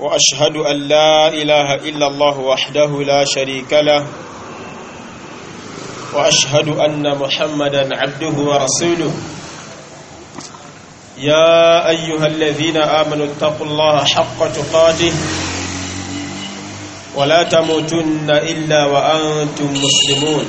واشهد ان لا اله الا الله وحده لا شريك له واشهد ان محمدا عبده ورسوله يا ايها الذين امنوا اتقوا الله حق تقاته ولا تموتن الا وانتم مسلمون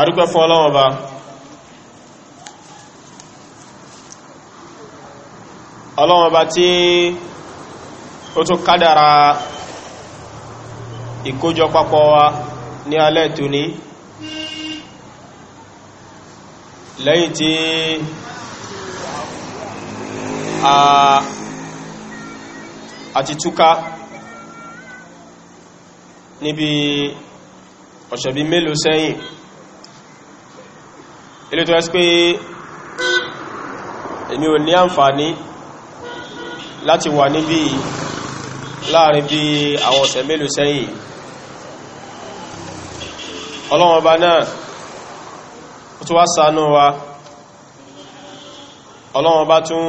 àdúgbẹ́ fún ọlọ́wọ́ bá ọlọ́wọ́ bá tí ó tún kádàrà ìkójọ papọ̀ wa ní alẹ́ tóní lẹ́yìn tí a àti túká níbi ọ̀sẹ̀ mélòó sẹ́yìn ilé tó ẹ́sí pé èmi ò ní àǹfààní láti wà níbí láàrin bí àwọn ọ̀sẹ̀ mélòó sẹ́yìn ọlọ́wọ́n ọba náà ó tún wá ṣàánú wa ọlọ́wọ́n ọba tún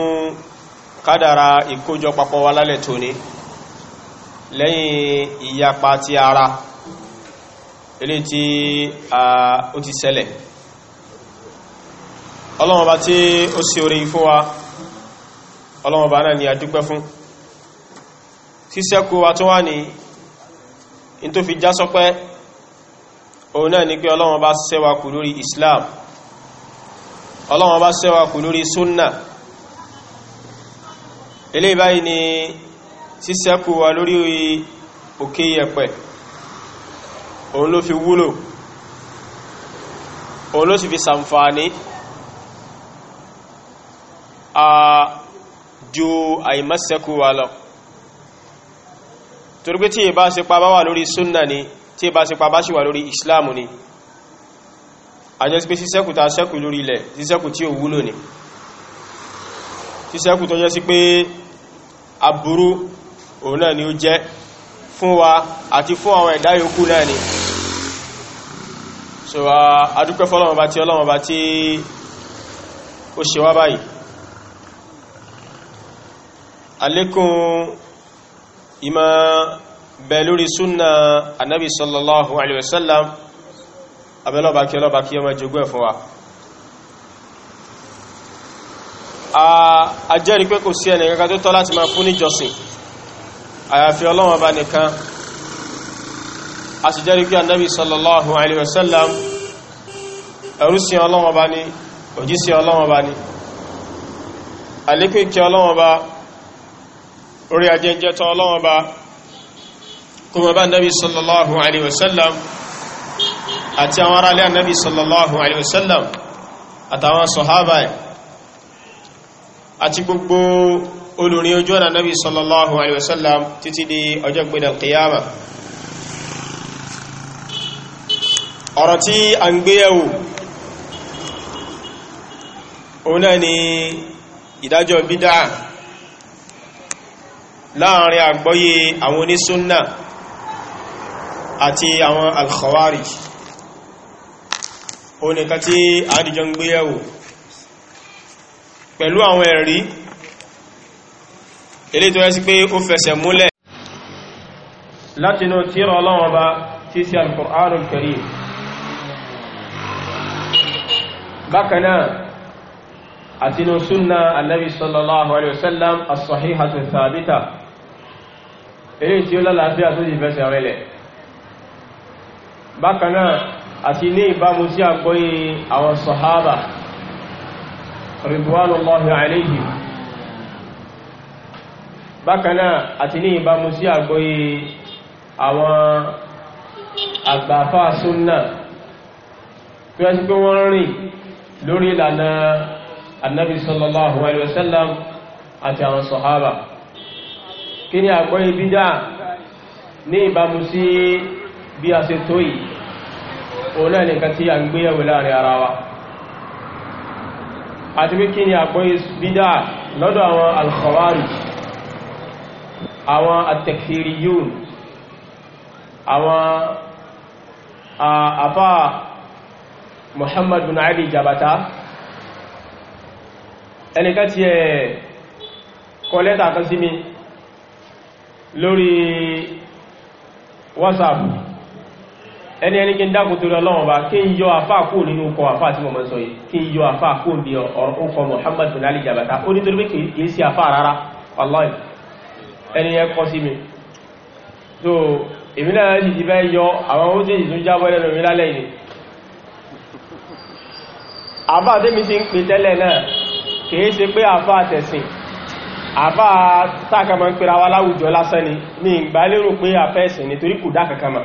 kádàrá ìkójọ papọ̀ wa lálẹ́ tóní lẹ́yìn ìyapa ti ara eléyìí tí ó ti ṣẹlẹ̀ ọlọ́mọba tí ó ṣe orí fún wa ọlọ́mọba náà ni a dúpẹ́ fún sísẹ́kù wa tó wà ní in tó fi já sọpẹ́ òun náà ni pé ọlọ́mọba ṣẹ́wà kù lórí Islam ọlọ́mọba ṣẹ́wà kù lórí sunna ilé ìbáyìí ni sísẹ́kù wa lórí òkè yẹ̀pẹ̀ òun ló fi wúlò òun ló sì fi ṣàǹfààní a ju àìmọ́sẹ́kù wa lọ torí pé tí ìbá ṣe pa bá wà lórí súnnà ni tí ìbá ṣe pa bá ṣì wà lórí islam ni àjẹ́sí pé sísẹ́kù ta sẹ́kù lórí ilẹ̀ sísẹ́kù tí ò wúlò ni sísẹ́kù tó jẹ́ sí pé aburú òun náà ni ó jẹ́ fún wa àti fún àwọn ẹ̀dá yòókù náà ni so a dúpẹ́ tí ọlọ́mọba tí ó ṣe wá báyìí alékún ìmá bẹ lórí súnà anábi sallallahu alaihi wasallam abẹ́lọ́bà kí ọlọ́bà kí ọmọ jogún ẹ̀ fún wa a jẹ́rìí pé kò sí ẹni kankan tó tọ́ láti máa fún níjọsìn àyàfi Ọlọ́hun bá nìkan a sì jẹ́rìí pé anábi sallallahu alaihi wasallam ẹrú sí Ọlọ́hun bá ní òjíṣẹ́ Ọlọ́hun bá ní àlékún ìkẹ́ Ọlọ́hun bá ní orí ajẹ́jẹ́ tán ọlọ́wọ́n ba, kó mọ́ bá nabi sallallahu alaihi wasallam àti àwọn ará alẹ́ nabi sallallahu alaihi wasallam àtàwọn sọ̀hábà ẹ̀ àti gbogbo olùrin ojú ọ̀nà nabi sallallahu alaihi wasallam títí di ọjọ́ gbẹ̀dẹ̀ kìyàmà ọ̀rọ̀ tí a ń gbéyẹ̀wò òun náà ni láàrin àgbọ́yé àwọn onísúnnà àti àwọn al-khawarij ó nìkan tí àdìjọ ń gbé yẹ̀wò pẹ̀lú àwọn ẹ̀rí ilé tó yẹ sí pé ó fẹsẹ̀ múlẹ̀ látinú tírà Ọlọ́run Ọba tí sí al-Qur'anul Karim bákanáà àtinú súnnà annabi sallallahu alaihi wasallam as thabita eré tí ó lálàáfíà tó sì fẹsẹ̀ rẹlẹ̀ bákanáà àti ní ìbámu sí àgbóyé àwọn sọ̀hábà ridwanullahi alayhim bákanáà àti ní ìbámu sí àgbóyé àwọn àgbàfà súnnà tó yẹ́ sí pé wọ́n rìn lórí ìlànà annabi sallallahu alaihi wasallam àti àwọn sọ̀hábà kí ni àgbọ́yé bídá ní ìbámu sí bí a ṣe tó yìí òun náà nìkan tí a ń gbéyàwó láàrin ara wa àti pé kí ni àgbọ́yé bídá lọ́dọ̀ àwọn al àwọn at-takfiriyun àwọn àfá Muhammad bin Ali Jabata ẹnìkan tí ẹ kọ lẹ́tà kan sí mi lórí whatsapp ẹni ẹni kí n dákò torí ọlọ́wọ́n bá kí n yọ àfá kó nínú ọkọ̀ àfá tí mo mọ́ sọ yìí kí n yọ àfá kó ní ọkọ̀ Muhammad bin Ali Jabata ó nítorí pé kìí sí àfá rárá wallahi ẹni ẹ kọ́ sí mi so èmi náà sì ti fẹ́ yọ àwọn ó sì tún jábọ́ lẹ́nu mi lálẹ́ yìí àfá tẹ́mi sì ń pè tẹ́lẹ̀ náà kìí ṣe pé àfá tẹ̀sìn àfá táàkà ma ń pèrà wa láwùjọ lásán ni ní ìgbà lérò pé àfẹ́ẹ̀sìn nítorí kò dá kankan mà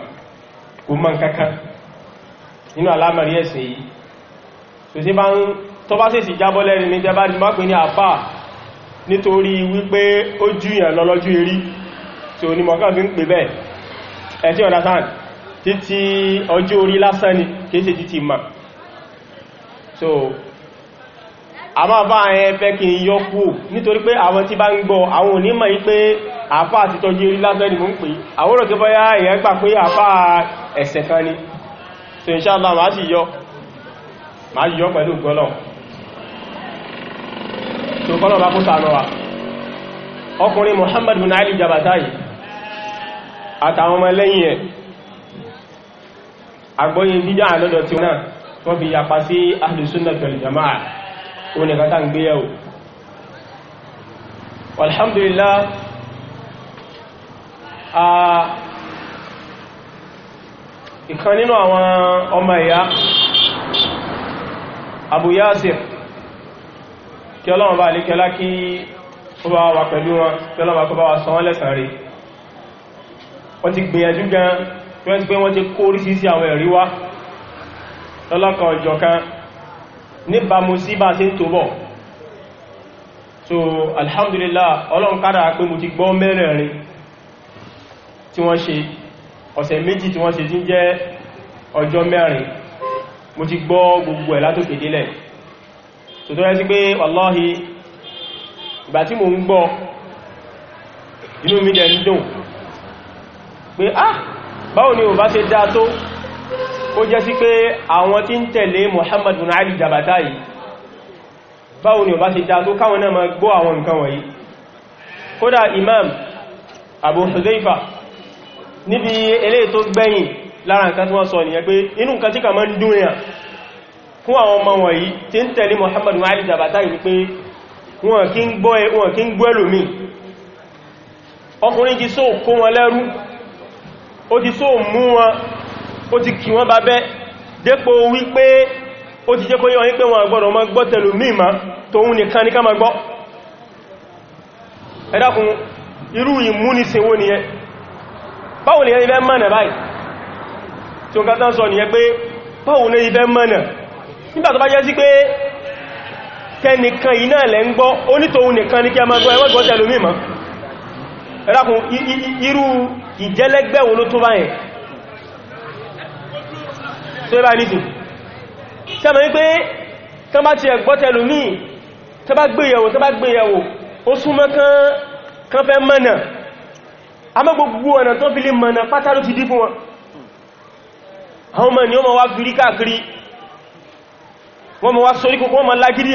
kò mọ̀ kankan nínú alámàrí ẹ̀sìn yìí tó sí bá ń tó bá sì jábọ́ lẹ́rin ní jẹba ní mápin ní àfá nítorí wípé ó júyàn lọ́lọ́jú erí tí ò ní mọ̀kàn so àmá bá ẹ fẹ́ kí n yọ kú nítorí pé àwọn tí bá ń gbọ́ àwọn onímọ̀ yí pé àfá àti tọ́jú orí lásán ni mú ń pè àwọn òrò tí bọ́ yá èyàn gbà pé àfá ẹ̀sẹ̀ kan ni so inṣáàlá máa sì yọ máa yọ pẹ̀lú gọ́lọ̀ Muhammad bin Ali Jabatai àtàwọn ọmọ lẹ́yìn ẹ̀ àgbọ́yìn dídá àlọ́dọ̀ tí wọ́n fi yapa sí ahlùsúnnà pẹ̀lú jama'a ó ní kátà ń gbé yẹ̀wò alhamdulillah a ìkan nínú àwọn ọmọ ìyá Abu Yasir kí ọlọ́run bá lè kẹlá kí ó bá wà pẹ̀lú wọn kí ọlọ́run bá kọ́ bá wà sanwọ́n lẹ́sàn rí wọ́n ti gbìyànjú gan wọ́n ti pé wọ́n ti kó orísìí sí àwọn ẹ̀rí wá lọ́lọ́kan ọjọ́ kan níbàmú sí bá ṣe ń tó bọ̀ so alhamdulillah ọlọ́run kádà pé mo ti gbọ́ mẹ́rẹ̀ẹ̀rin tí wọ́n ṣe ọ̀sẹ̀ méjì tí wọ́n ṣe tí ń jẹ́ ọjọ́ mẹ́rin mo ti gbọ́ gbogbo ẹ̀ látòkè délẹ̀ so tó rẹ́ sí pé wallahi ìgbà tí mo ń gbọ́ inú mi dẹ̀ ń dùn pé ah báwo ni ò bá ṣe dáa tó ó jẹ́ sí pé àwọn tí ń tẹ̀lé Muhammad bin Ali Jabata yìí báwo ni ó bá ṣe dá tó káwọn náà ma gbọ́ àwọn nǹkan wọ̀nyí kódà imam Abu Hudhaifa níbi eléyìí tó gbẹ̀yìn lára nǹkan tí wọ́n sọ nìyẹn pé inú nǹkan tí kà mọ́ ń dúnyà fún àwọn ọmọ wọ̀nyí tí ń tẹ̀lé Muhammad bin Ali Jabata yìí pé wọn kí ń gbọ́ ẹlòmí ọkùnrin ti só kó wọn lẹ́rú ó ti só mú wọn ó ti kí wọ́n bá bẹ́ dépò wípé ó ti jẹ́ kó yíwọ́n pé wọn àgbọ́rọ̀ ma gbọ́ tẹ̀lú mímá tóun nìkan ní ká ma gbọ́ ẹ̀dàkùn irú ìmúnisẹ̀wó nìyẹn báwo ni ibẹ́ mọ́nà báyìí tí ó kátán sọ pé báwo ni ibẹ́ mọ́nà nígbà bá jẹ́ sí pé kẹnìkan iná ń gbọ́ onítòun nìkan ní kí a ma gbọ́ tẹ̀lú irú ìjẹ́lẹ́gbẹ̀wò ló tó báyìí tó ẹbá nìsìn tí a mọ̀ wípé tán bá ti ẹgbọ́tẹ̀lù míì tán bá gbéyàwó tán bá gbéyàwó ó súnmọ́ kan fẹ́ mọ́nà àmọ́ gbogbo ọ̀nà tó fi lè mọ̀nà pátá ló ti dí fún wọn àwọn ọmọ ni ó mọ̀ wá fìrí káàkiri wọ́n mọ̀ wá sórí kòkó wọ́n mọ̀ lágídí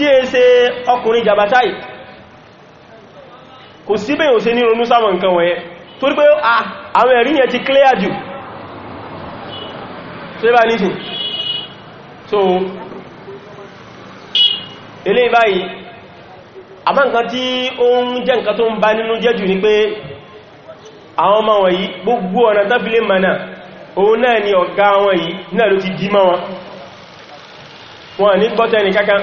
tí è ṣe ọkùnrin jàbátáì kò síbẹ̀ ò ṣe ní ronú sáwọn nǹkan wọ̀nyẹ torí pé àwọn ẹ̀rí yẹn ti clear jù ṣébà ní sí so ilé báyìí àmá nǹkan tí ó ń jẹ́ nǹkan tó ń bá nínú jẹ́ jù ní pé àwọn ọmọ wọ̀nyí gbogbo ọ̀nà tábílé mana òun náà ni ọ̀gá wọn yìí náà ló ti dí mọ́ wọn wọn ní gbọ́tẹ̀ ní kankan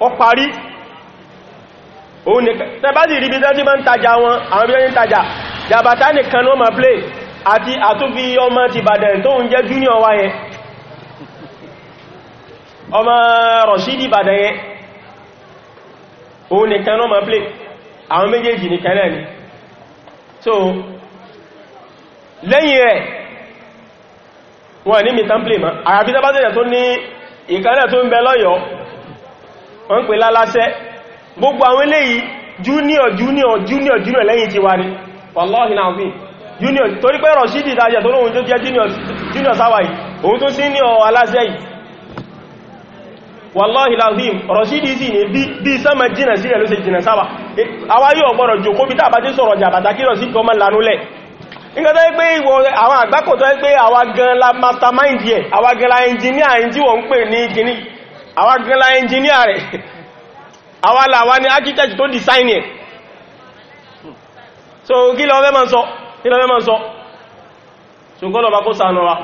ó parí òun nìkan tẹbátì rí bí tẹ́tí máa ń tajà wọn àwọn bí wọ́n ń tajà jàbátá nìkan ló máa play àti àtúnfi ọmọ ti Ìbàdàn tó ń jẹ́ junior wa yẹn ọmọ Rọ̀ṣídì Ìbàdàn yẹn òun nìkan ló máa play àwọn méjèèjì so lẹ́yìn rẹ̀ wọ́n ní mi tán play mọ́ àyàfi tẹ́bátì wọ́n pè lálásẹ́ gbogbo àwọn eléyìí junior junior junior junior lẹ́yìn ti wà ní wallahi junior torí pé rọ̀ṣídì ìdájẹ̀ tó lóhun tó jẹ́ junior sáwà yìí òun tó alásẹ́ yìí wallahi rọ̀ṣídì sí ní bí sánmà jìnà sí rẹ̀ ló jìnà sáwà e, yóò gbọ́rọ̀ bí àwa gẹ́lá ẹnjìníà rẹ̀ àwa làwa ní architect tó design ẹ̀ so kí lọ fẹ́ ma sọ kí lọ fẹ́ ma sọ ṣùgbọ́n lọ bá kó sànà wa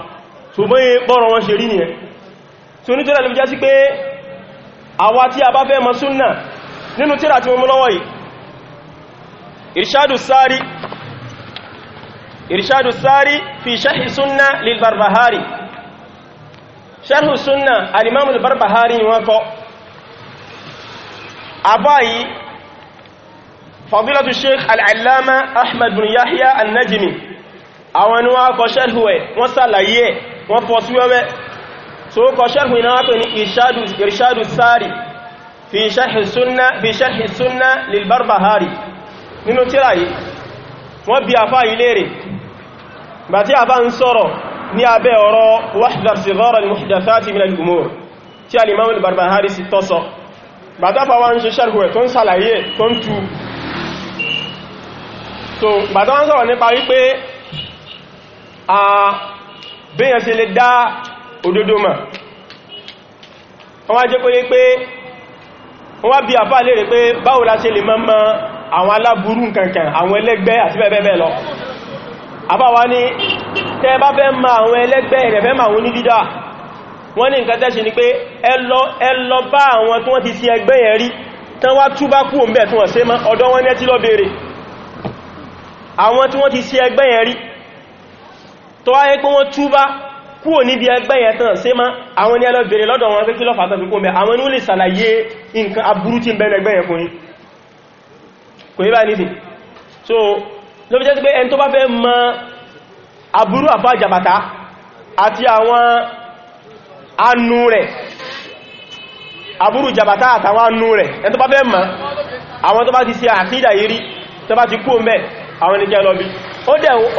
ṣùgbọ́n yí bọ́rọ̀ wọn ṣe rí nìyẹn tí ó nítorí àlèbíjá sí pé àwa tí a bá fẹ́ ma súnnà nínú tírà tí mo mú lọ́wọ́ yìí irshadu sari fi shahi sunna lil barbahari sharhu sunna al-imam al-barbahari wọ́n kọ abayi fadilatu sheikh al-allama ahmad bin yahya al-najmi àwọn ni wọ́n kọ sharhu ẹ̀ wọ́n ṣàlàyé wọ́n fọ́ sí wẹ́wẹ́ so kọ sharhu iná wọ́n pè ní irshadu sari fi sharhi ní abẹ́ ọ̀rọ̀ wahdar sighar al-muhdathati min al-umur tí al-imam al-barbahari sì tọ́sọ bàtàfà wá so bàtà wọ́n sọ̀rọ̀ nípa wípé a bíyàn sí lè dá òdodo mà wọ́n wá jẹ́ pé pé wọ́n wá bí àfáà lérè pé báwo la ṣe lè mọ́ mọ́ àwọn aláburú nǹkankan àwọn ẹlẹ́gbẹ́ àti bẹ́ẹ̀ lọ àfáà wá ní tẹ́ bá fẹ́ ma àwọn ẹlẹ́gbẹ́ rẹ̀ fẹ́ ma wọn ní dídá wọ́n ní nǹkan tẹ́ṣì ni pé ẹ lọ bá àwọn tí wọ́n ti sí ẹgbẹ́ yẹn rí tán wá túbá kú òun bẹ̀ tí wọ́n ṣe mọ́ ọ̀dọ̀ wọn nẹ́tí lọ bèèrè àwọn tí wọ́n ti sí ẹgbẹ́ yẹn rí tó wáyé pé ní ẹlọ so ló jẹ́ sí pé ẹni tó bá fẹ́ mọ́ aburú àbájàbàtà àti àwọn anú rẹ̀ aburú jàbàtà àtàwọn anú rẹ̀ ẹn tó bá bẹ́ mọ̀ àwọn tó bá ti ṣe àkídà yìí tó bá ti kú mẹ́ àwọn ẹnikẹ́ lọ́bí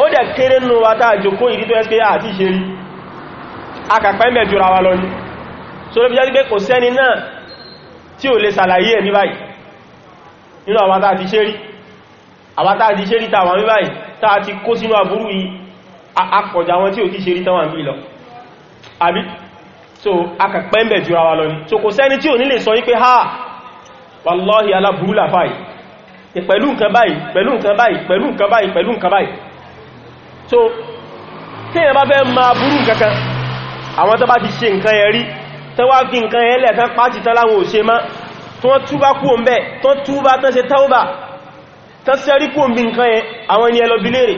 ó dẹ̀ kéré nù wátá àjòkó ìdí tó ẹ́ pé àti ṣe rí akàpẹ́ mẹ́jọra wa lọ ní so ló fi jẹ́ pé kò sẹ́ni náà tí ò lè sàlàyé ẹ̀mí báyìí nínú àwọn tá akọjá wọn tí ò kí ṣe rí tán wà ń bí lọ àbí so akàpẹ́ ń bẹ̀ jura wa lọ ni so kò sẹ́ni tí ò ní lè sọ wípé ha wallahi aláburú làfáì pẹ̀lú nǹkan báyìí pẹ̀lú nǹkan báyìí pẹ̀lú nǹkan báyìí pẹ̀lú so tí èyàn bá fẹ́ máa burú nǹkankan àwọn tó bá ti ṣe nǹkan ẹ̀rí tó wá fi nǹkan ẹ̀lẹ̀ tán pàtì tán láwọn òṣe má tó wọ́n kú òun bẹ́ẹ̀ tó túbá tán bí léèrè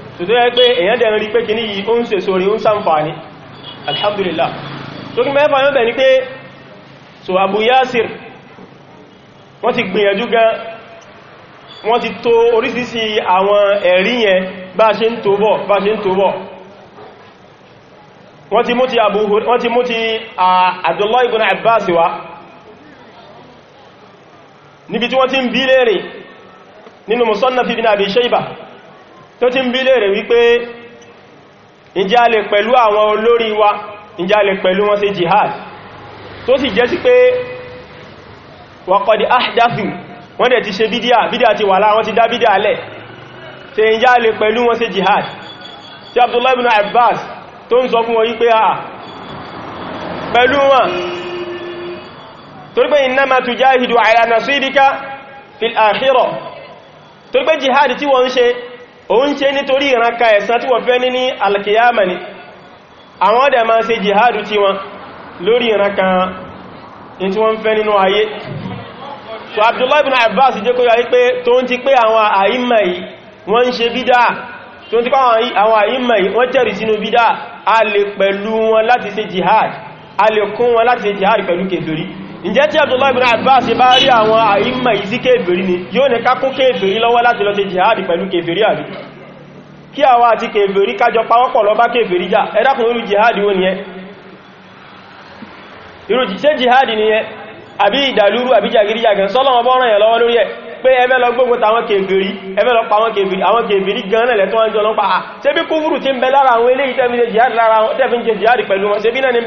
so tó yẹ pé èyàn dẹ̀ rí pé kìíní alhamdulillah tó kí mẹ́fà yóò bẹ̀ ní pé so Abu Yasir wọ́n ti gbìyànjú gan wọ́n ti tó orísìsí àwọn ẹ̀rí yẹn bá ṣe ń tó bọ̀ bá ṣe ń tó bọ̀ wọ́n ti mú ti Abu wọ́n ti mú ti Abdullah ibn Abbas wá níbi tí wọ́n ti ń bí lẹ́rìn nínú Musannaf ibn Abi Shaybah tó ti ń bí lè rẹ̀ wípé ìjẹ́ a lè pẹ̀lú àwọn olórí wa ìjẹ́ a lè pẹ̀lú wọn ṣe jihad tó sì jẹ́ sí pé wàkọ̀dì ahdathu wọ́n dẹ̀ ti ṣe bídíà bídíà ti wà láà wọ́n ti dá bídíà lẹ̀ ṣe ìjẹ́ a lè pẹ̀lú wọn ṣe jihad tí Abdullahi ibn Abbas tó ń sọ fún wọn ah, ó ń ṣe nítorí ìranka ẹ̀san tí wọ́n fẹ́ ní ní alkiyama ni àwọn ọdẹ ma ṣe jihadu tí wọn lórí ìranka ní tí wọ́n fẹ́ nínú ayé so Abdullahi bin Abbas jẹ́ kó yàrí pé tó ń ti pé àwọn àìmà yìí wọ́n ń ṣe bídá tó ń ti pé àwọn àìmà yìí wọ́n jẹ́rì sínú bídá a lè pẹ̀lú wọn láti ṣe jihad a lè kún wọn láti ṣe jihad pẹ̀lú kèfèrí nje tí Abdullahi ibn Abbas bá rí àwọn àìmà ìsí kéèbèrí ni yóò ní ká kún kéèbèrí lọ́wọ́ láti lọ sí jihadi pẹ̀lú kéèbèrí àrí kí àwa àti kéèbèrí kájọ pawọ́pọ̀ lọ bá kéèbèrí já ẹ dákun irú jihadi wo nìyẹn irú lọ gbógun tàwọn kèbèrí ẹfẹ́ lọ pa àwọn kèbèrí àwọn kèbèrí ti tse jihadi ni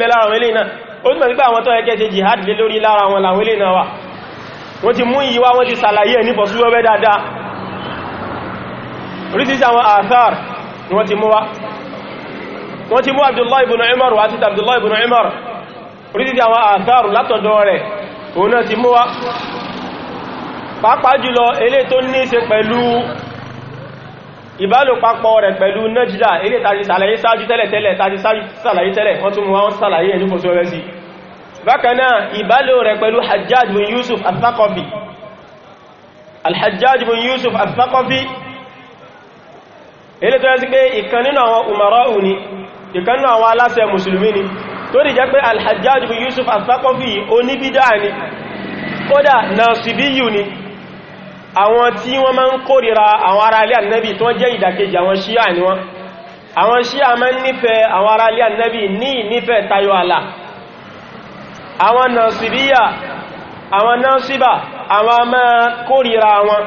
ó túnmọ̀ sí pé àwọn jihad lé lórí lára wọn làwọn ilé náà wà wọ́n ti mú ìyíwá wọ́n ti sàlàyé ní fọ̀súwẹ́wẹ́ dáadáa orísìí àwọn ni wọ́n ti mú wá wọ́n ti mú Abdullahi ibn Umar wá títà Abdullahi ibn Umar orísìí àwọn àthar látọ̀dọ̀ rẹ̀ òun náà ti mú wá pàápàá jùlọ elé tó ní ṣe pẹ̀lú ìbálòpapọ̀ rẹ̀ pẹ̀lú nájídà ilé tàbí sàlàyé sáájú tẹ́lẹ̀tẹ́lẹ̀ tàbí sàlàyé tẹ́lẹ̀ wọ́n tún wọ́n sàlàyé ẹni kò sọ́rẹ́ sí bákanáà ìbálò rẹ̀ pẹ̀lú Hajjaj bin Yusuf al-Thaqafi al-Hajjaj bin Yusuf al-Thaqafi ilé tó yẹ sí pé ìkan nínú àwọn umara'u ni ìkan nínú àwọn aláṣẹ mùsùlùmí ni tó rí jẹ́ pé al-Hajjaj bin Yusuf al-Thaqafi oníbídà àwọn tí wọ́n máa ń kórìíra àwọn ará ilé ànábì tó jẹ́ ìdàkejì àwọn ṣíà ni wọ́n àwọn ṣíà máa ń nífẹ̀ẹ́ àwọn ará ilé ànábì ní ìnífẹ̀ẹ́ tayọ àlà àwọn nàṣìbíyà àwọn nàṣìbà àwọn máa kórìíra wọn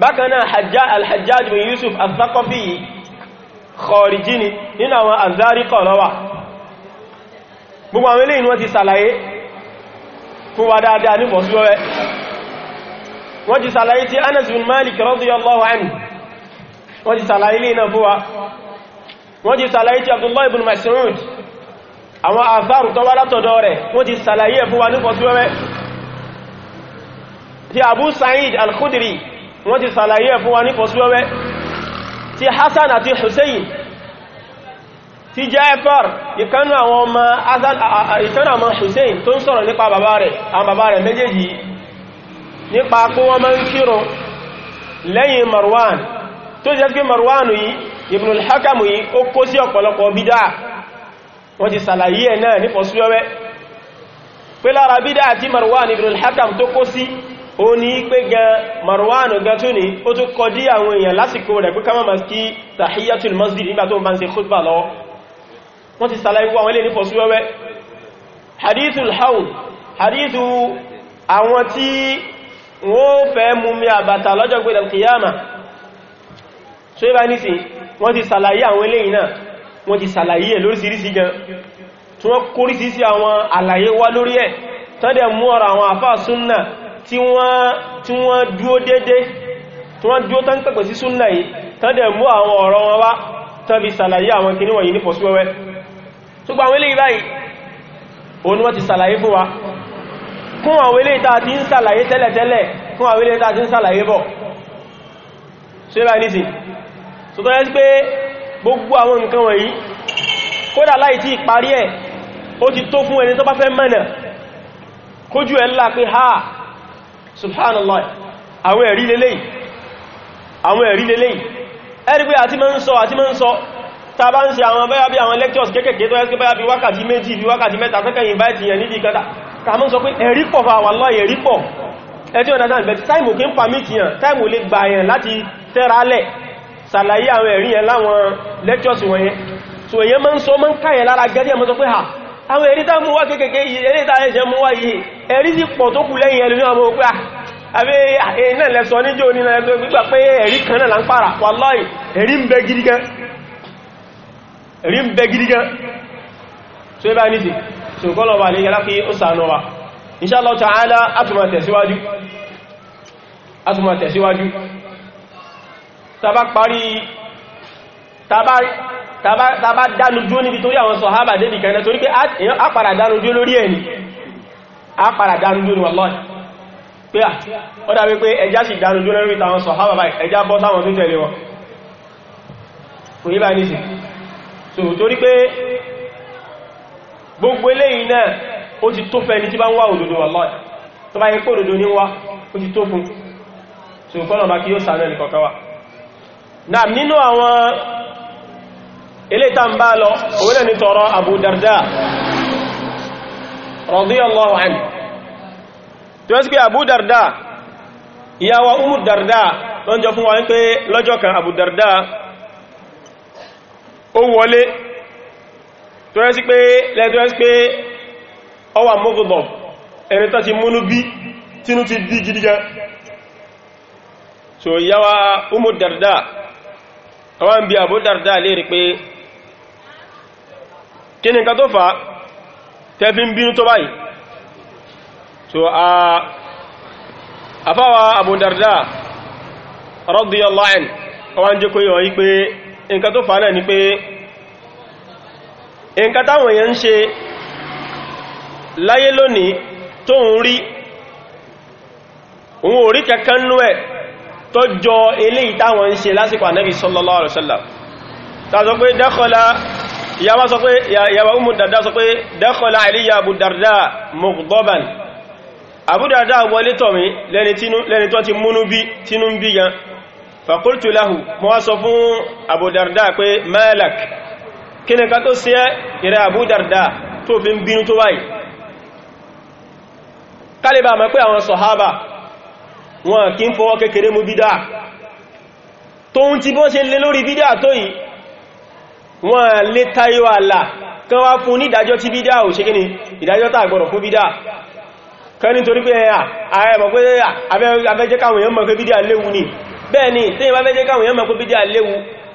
bákanáà alhajjaj bin yusuf al-thaqafi kọ̀ọ̀rìjí ni nínú àwọn wọ́n ti sàlàyé tí Anas bin Malik radiyallahu anhu wọ́n ti sàlàyé lè náà fúwa wọ́n ti sàlàyé tí Abdullahi ibn Mas'ud àwọn àfáàrù tó wá látọ̀dọ̀ rẹ̀ wọ́n ti sàlàyé fúwa ní fọ́síwẹ́wẹ́ tí Abu Sa'id al ti Hassan àti Hussein tí Ja'far ìkánú àwọn ọmọ Hussein tó ń sọ̀rọ̀ nípa bàbá rẹ̀ àwọn bàbá rẹ̀ méjèèjì nípa pé wọ́n máa ń kírun lẹ́yìn marwan tó jẹ́ pé marwan yìí ibn al-hakam yìí ó kó sí ọ̀pọ̀lọpọ̀ bídá wọ́n ti sàlàyé ẹ̀ náà nípa súwẹ́wẹ́ pé lára bídá àti marwan ibn al-hakam tó kó sí ó ní pé gan marwan gan tó ní ó tó àwọn tí wọ́n fẹ́ mú mi àbàtà lọ́jọ́ gbé alkiyama so ibá ní sí wọ́n ti sàlàyé àwọn eléyìí náà wọ́n ti sàlàyé ẹ̀ lóríṣìíríṣìí gan tí wọ́n kóríṣìí sí àwọn àlàyé wá lórí ẹ̀ tọ́dẹ̀ mú ọ̀rọ̀ àwọn àfáà súnnà tí wọ́n dúó dédé tí wọ́n dúó tán pẹ̀pẹ̀ sí súnnà yìí tọ́dẹ̀ mú àwọn ọ̀rọ̀ wọn wá tọ́bi sàlàyé àwọn kìníwọ̀nyí kún àwọn ilé ìta ti ń sàlàyé tẹ́lẹ̀tẹ́lẹ̀ kún àwọn ilé ìta ti ń sàlàyé bọ̀ ṣe bá ní sí so tó yẹ́ sí pé gbogbo àwọn nǹkan wọ̀nyí kódà láì tí ìparí ẹ̀ ó ti tó fún ẹni tó bá fẹ́ mẹ́nà kójú ẹ̀ pé ha subhanallah àwọn ẹ̀rí lélẹ́yìí àwọn ẹ̀rí lélẹ́yìí ẹ̀rí pé àti máa ń sọ àti máa ń sọ ta bá ń ṣe àwọn bẹ́yà bí àwọn lectures kéékèèké tó kàmọ́ sọ pé ẹ̀rí pọ̀ fà wà lọ́ ẹ̀rí pọ̀ ẹ̀tí understand but time kí ń pàmìtì yàn time ò lè gbà yàn láti tẹ́ralẹ̀ sàlàyé àwọn ẹ̀rí yẹn láwọn lectures wọ̀nyẹn so èyẹ mọ́ ń sọ mọ́ ń káyẹ̀ lára gẹ́gẹ́ mọ́ sọ pé ha àwọn ẹ̀rí tá mú wá kékèké eré ìtàlẹ́ṣẹ́ mú wá yìí ẹ̀rí sí pọ̀ tó kù lẹ́yìn ẹlùmí ọmọ òkú àbí iná ah, lẹ́sọ níjò ní gbígbà pé ẹ̀rí kan náà láńpàrà wallahi ẹ̀rí ń bẹ gidi gan so ibá ní sí so kọ́lọ̀ wà lè yára ó sànà wa insha ala atụmatụ esiwaju atụmatụ esiwaju tàbá dánu dúó níbi torí àwọn sọ̀hábà débì kan a a ó dàbí pé ẹjá sì dánu lórí ẹjá bọ́ sáwọn tẹ̀lé wọn kò yí bá ní sí so torí pé gbogbo eléyìí náà ó ti tó fẹ́ ní tí bá ń wá òdodo wallahi tó bá yẹ kó òdodo ní wá ó ti tó fún tí ó kọ́nà bá kí yóò sàánú ẹnì kọ̀ọ̀kan wa náà nínú àwọn eléta lọ ní tọrọ Abu Darda radiyallahu Abu Darda ìyàwó Umu lọ́njọ́ fún wa ń pé kan Abu Darda ó wọlé tó yẹ́ sí pé lẹ́tọ́ yẹ́ sí pé ọwà mọ́gbọ̀gbọ̀ ẹni tó ti múnú bí tínú ti bí gidigan so yawa umu darda àwọn bí abu darda lè rí pé kí ni nǹkan tó fa tẹ́fí ń bínú tó báyìí so a afáwa abu darda radiyallahu anhu àwọn jẹ́ kó yíwa yí pé nǹkan tó fa náà ni pé nǹkan táwọn èèyàn ń ṣe láyé lónìí tó ń rí òun orí kankan nú ẹ̀ tó jọ eléyìí táwọn ń ṣe lásìkò ànábì sallallahu alaihi wasallam ta sọ pé dákọ́lá ìyàwó sọ pé ìyàwó umu dàdá sọ pé dákọ́lá àìlíyà Abu Darda mughdaban Abu Darda wọlé tọ̀mí lẹ́ni tó ti múnú bí tínú bí yan fa qultu lahu sọ fún Abu pé malak kí ni ká tó sí ẹ́ ìrẹ Abu Darda tó fi ń bínú tó báyìí kálíbà mọ̀ pé àwọn sọ̀hábà wọn kí ń fọwọ́ kékeré mú bídá tó ń ti bọ́n ṣe lé lórí bídá tó yìí wọn lé tayọ àlà kan wá fún ní ìdájọ́ tí bídá ò ṣe kí ni ìdájọ́ tàà gbọ́dọ̀ fún bídá kan nítorí pé pé abẹ́jẹ́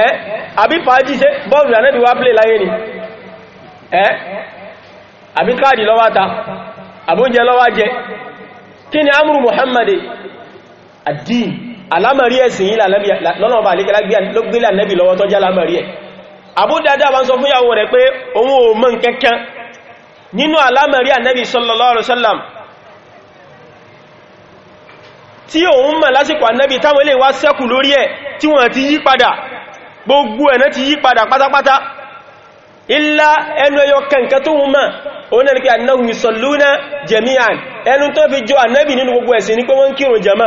ẹ́ eh? àbí fàájì ṣe bọ́ọ̀lù ànẹ́bí wá plé láyé ni ẹ́ eh? àbí káàdì lọ́wá ta àbóúnjẹ lọ́wá jẹ kí ni amúrù muhammadi àdín alámàrí ẹ̀sìn yí lọ́nà ọba àlékẹ́lágbélé ànẹ́bí alámàrí ẹ̀ àbúdádá wa ń sọ fúnyàwó rẹ̀ pé òun ò mọ̀ nínú alámàrí ànẹ́bí sallallahu gbogbo ẹ̀nà ti yí padà pátápátá ilá ẹnu ẹyọ kẹǹkẹ tó wùn máa òun náà ní pé annahum yusalluna jami'an ẹnu tó fi jọ ànábì nínú gbogbo ẹ̀sìn ní pé wọ́n ń kírun jama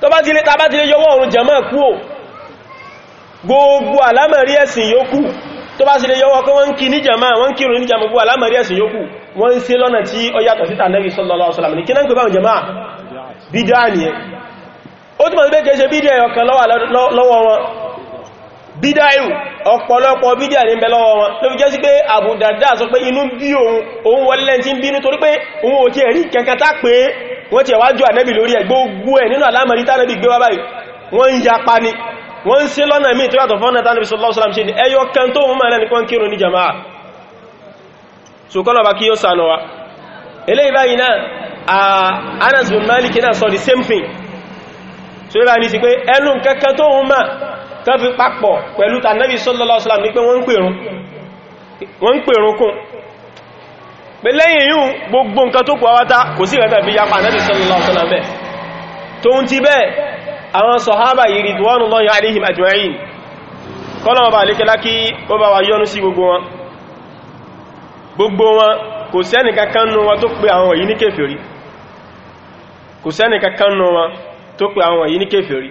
tó bá ti lé tàbá ti lé yọwọ́ ọ̀run jama kú o gbogbo alámẹ̀rí ẹ̀sìn yókù tó bá ti lé yọwọ́ pé wọ́n ń kí ní jama wọ́n ń kírun ní jama gbogbo alámẹ̀rí ẹ̀sìn yókù wọ́n ń lọ́nà tí ó yàtọ̀ sí tànábì sallallahu bídáìrù ọ̀pọ̀lọpọ̀ bídíà ní bẹ lọ́wọ́ wọn ló fi jẹ́ sí pé Abu Darda sọ pé inú bí òun òun wọlé tí ń bínú torí pé òun ò tí ẹ̀rí kẹkẹta pé wọ́n ti ẹ̀wájú ànẹ́bì lórí ẹ̀ gbogbo ẹ̀ nínú alámọ̀rí tánẹ́bì gbé wá báyìí wọ́n ń yapa ni wọ́n ń ṣe lọ́nà míì ni wa so yíba ní sí pé ẹnu kẹ́kẹ́ tó ń máa tán fi papọ̀ pẹ̀lú tànẹ́bí sallallahu alaihi wasallam ní pé wọ́n ń pèrún kún pé lẹ́yìn yíò gbogbo nǹkan tó kù àwátá kò sí ìrẹ́ta fi yapa ti kò sẹ́nì kankan nù wọn tó àwọn ní kèfèrí tó pè àwọn yìí ní kéfèrí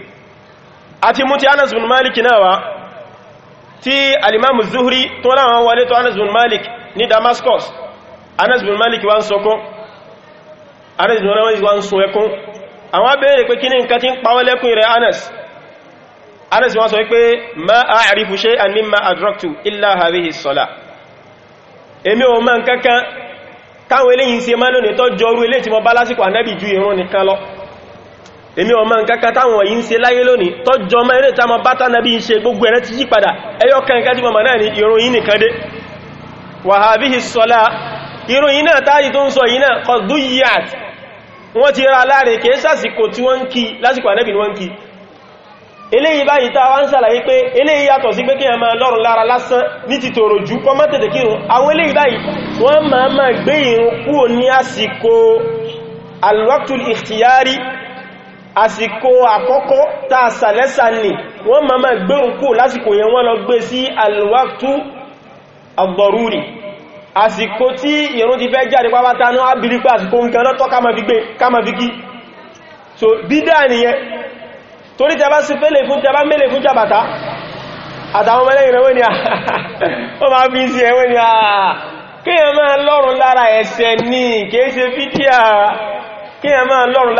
àti mú ti Anas bin Malik náà wá tí alimamu Zuhri tó láwọn wọlé tó Anas bin Malik ní Damascus Anas bin Malik wá ń sọkún Anas bin Malik wá ń sun ẹkún àwọn bèèrè pé kí ní nǹkan tí ń pawọ́ lẹ́kún rẹ̀ Anas Anas wọ́n sọ pé ma a'rifu shay'an mimma adraktu illa hadhihi as-salah èmi ò mọ̀ nǹkan kan káwọn eléyìn ṣe má lónìí tó jọrú ilé tí mo bá lásìkò èmi ọmọ nǹkankan táwọn yìí ń ṣe láyé lónìí tọ́jọ ọmọ eré tàmọ bátà nàbí ń ṣe gbogbo ẹ̀rẹ́ ti yí padà ẹyọ kankan tí mọ̀mọ̀ náà ni irun yìí nìkan dé wàhábí sọ́lá irun yìí náà táyì tó ń sọ yìí náà kọ̀dú yíyàt wọ́n ti ra láre kìí sásìkò tí wọ́n ń kí lásìkò ànẹ́bì ni wọ́n ń kí eléyìí báyìí tá wá ń sàlàyé pé eléyìí yàtọ̀ sí pé kí ẹ máa lọ́rùn lára lásán ní ti tòrò jù kọ́ mọ́ tètè kírun àwọn eléyìí báyìí wọ́n máa máa gbé ìrun kúrò ní àsìkò alwaktul ikhtiyari àsìkò àkọ́kọ́ tá a sàlẹ́sà nì wọ́n ma máa gbé òkú lásìkò yẹn wọ́n lọ gbé sí alwaqtu ad-daruri àsìkò tí ìrun ti fẹ́ jáde pápátá náà àsìkò nǹkan lọ́tọ́ ká so bídá nìyẹn torí tẹbá sí fẹ́lẹ̀ fún tẹbá mẹ́lẹ̀ fún jàbàtá àtàwọn mẹ́lẹ́yìn rẹ̀ wọ́n ni ó ah, máa fi sí ah, ẹwẹ́ ni kíyàn máa lọ́rùn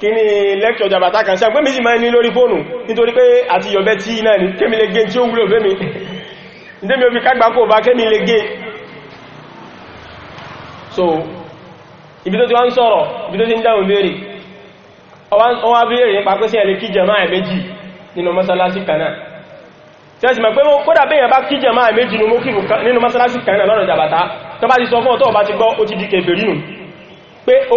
kí ní lẹ́kṣọ̀ jàbàtà kan sáà pé méjì máa ní lórí fóònù nítorí pé àti yọ̀bẹ́ tí náà ní kémi lè gé tí ó wúlò mi ìdẹ́mi omi kágbà kò bá lè gé so ibi tó ti wá ń sọ̀rọ̀ ibi tó ti ń dáhùn béèrè ọwá béèrè nípa pé sí ẹ̀lẹ́ kí jẹ̀má ẹ̀ méjì nínú mọ́sálásí kan náà mọ̀ pé kódà bí bá kí sọ fún ọ̀tọ́ ọba ti gbọ́ ó ti di pé ó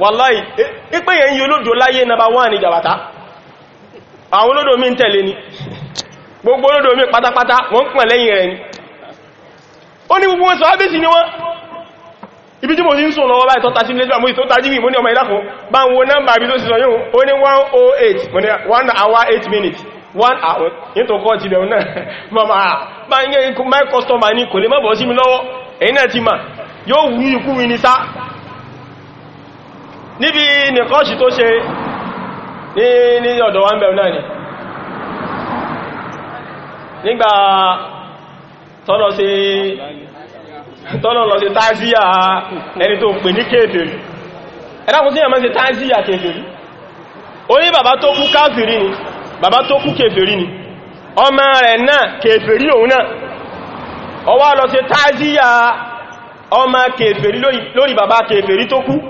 wàláì ipé e, e yẹn yí olódò láyé nàbà wà ní jàbàtà àwọn olódò mi ń tẹ̀lé ni gbogbo olódò mi pátápátá wọ́n pọ̀ lẹ́yìn rẹ̀ ni ó ní gbogbo sọ ábẹ́sì ni wọ́n ibi tí mo ti ń sùn lọ́wọ́ báyìí tọ́ta sí ilé ìjọba tó tají mi mo ní ọmọ bá ń wo nọ́mbà níbi nìkọ́ṣì tó ṣe ní ní ọ̀dọ̀ wa nígbà tọ́lọ sí tọ́lọ lọ sí táìsíyà ẹni tó pè ní kéèfèrí ẹ̀dàkùn sí ẹ̀mọ́ sí táìsíyà kéèfèrí ó ní bàbá tó kú káfèrí ni bàbá tó kú kéèfèrí ni ọmọ rẹ̀ náà kéèfèrí òun náà ó lọ sí táìsíyà ọmọ kéèfèrí lórí bàbá kéèfèrí tó kú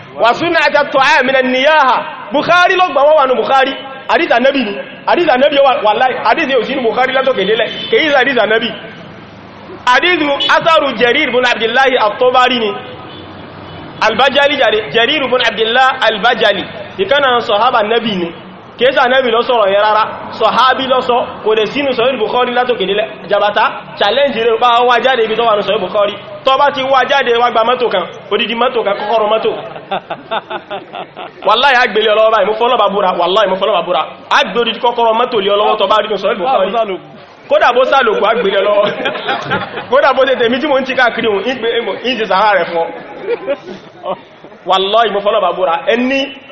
wà súnà àtàtọ̀ àmìnà níyáhà bukhari ló gbà wọ́wà ní bukhari àdíta nabi ni àdíta nabi wà láì àdíta yóò sí ní bukhari látọ̀kẹ̀ lélẹ̀ kèyí sí àdíta nabi àdíta asáru jerir bin abdullahi kéèsà nẹ́bì lọ sọ̀rọ̀ yẹ rárá sọ̀hábí lọ sọ kò dẹ̀ sínú sọ̀rọ̀ Bukhari látòkèdè jabata challenge rẹ̀ bá wá jáde ibi tó wà ní sọ̀rọ̀ Bukhari tó bá ti wá jáde wá gba mọ́tò kan odidi mọ́tò kan kọ́kọ́rọ̀ mọ́tò wàláì agbèlè ọlọ́wọ́ báyìí mú fọ́lọ́bà búra wàláì mú fọ́lọ́bà búra agbè odidi kọ́kọ́rọ̀ mọ́tò lé ọlọ́wọ́ tó bá rí sọ̀rọ̀ Bukhari kódà bó sálòkù agbèlè ọlọ́wọ́ kódà bó tètè mi tí mo ń ti káàkiri òun ìjì sàárà rẹ̀ fún ọ wàláì mú fọ́lọ́bà búra ẹni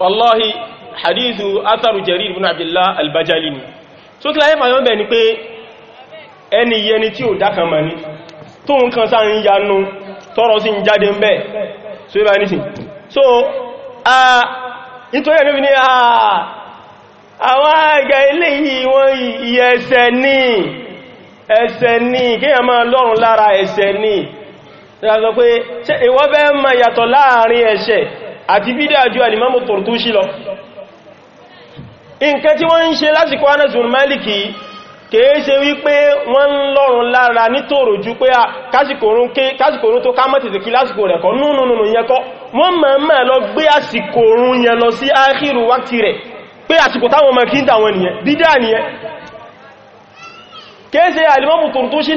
wallahi hadithu atharu jarir ibn abdullah al-bajali ni so kila yema yon be ni pé ẹni yẹni tí ó dakan ma ni tó nǹkan sa ń yanu toro sì ń jáde ńbẹ̀ so ba ni sin so ah nítorí ẹni ni ah àwọn àgbà eléyìí wọ́n iye ẹsẹ̀ ní ẹsẹ̀ ní kíyàn máa lọ́rùn lára ẹsẹ̀ ní ìrìnàjò pé ìwọ́n bẹ́ẹ̀ máa yàtọ̀ láàrin ẹsẹ̀ àti bídá ju alimamu Turtushi lọ nǹkan tí wọ́n ń ṣe lásìkò anasùn maliki kìí ṣe wípé wọ́n ń lọ́rùn lára nítòrò ju pé ah, kásìkòrún tó kámọ́ tètè kí lásìkò rẹ̀ kọ́ núnúnú yẹn kọ́ wọ́n máa máa lọ gbé àsìkòrún yẹn lọ sí áhìrù wákì rẹ̀ pé àsìkò táwọn ọmọ kíńtà wọn nìyẹn bídá nìyẹn kìí ṣe alimamu Turtushi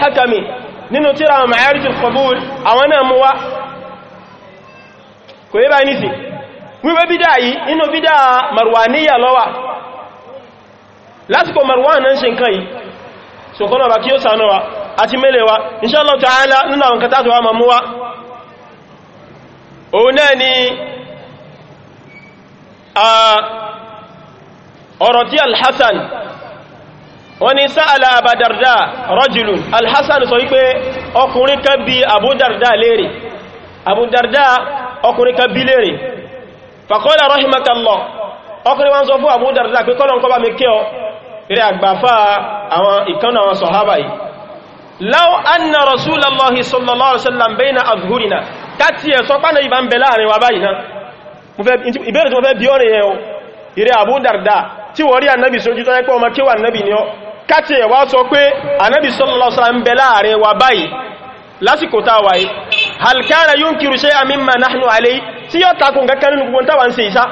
hakami nínú tíra Ma'arij al-Qabul àwọn náà mú wá kò yí báyìí nìsí wípé bídá yìí inú bídá marwaniya lọ́wà lásìkò marwan náà ṣe nǹkan yìí so kọ́nà bá kí ó sànà wa àti mẹ́lẹ̀ wa inṣàlọ́ ta'ala nínú àwọn kátà tó wá mamú wa òun náà ni ọ̀rọ̀ tí alhassan wọ́n ni sáàlá àbádárdá rọ́jùlùn alhassan sọ wípé ọkùnrin kan bi àbúdárdá léèrè àbúdárdá ọkùnrin kan bí léèrè fàkọ́lá rahimakallah ọkùnrin wọ́n sọ fún Abu Darda pé kọ́lọ̀ kọ́bá mi kí ọ rẹ̀ àgbàfà àwọn ìkanà àwọn sọ̀hábà yìí law anna rasulallahi sallallahu alaihi wasallam bayna adhhurina káti ẹ̀ sọ pánà ìbá ń bẹ láàrin wa báyìí náà ìbẹ̀rẹ̀ tí mo fẹ́ bí ọ́rẹ̀ yẹn o ìrẹ́ Abu Darda tí wọ́n rí annabi hal kana yunkiru shay'an mimma nahnu alayhi tí yóò takùn kankan nínú gbogbo táwọn ṣe ìsá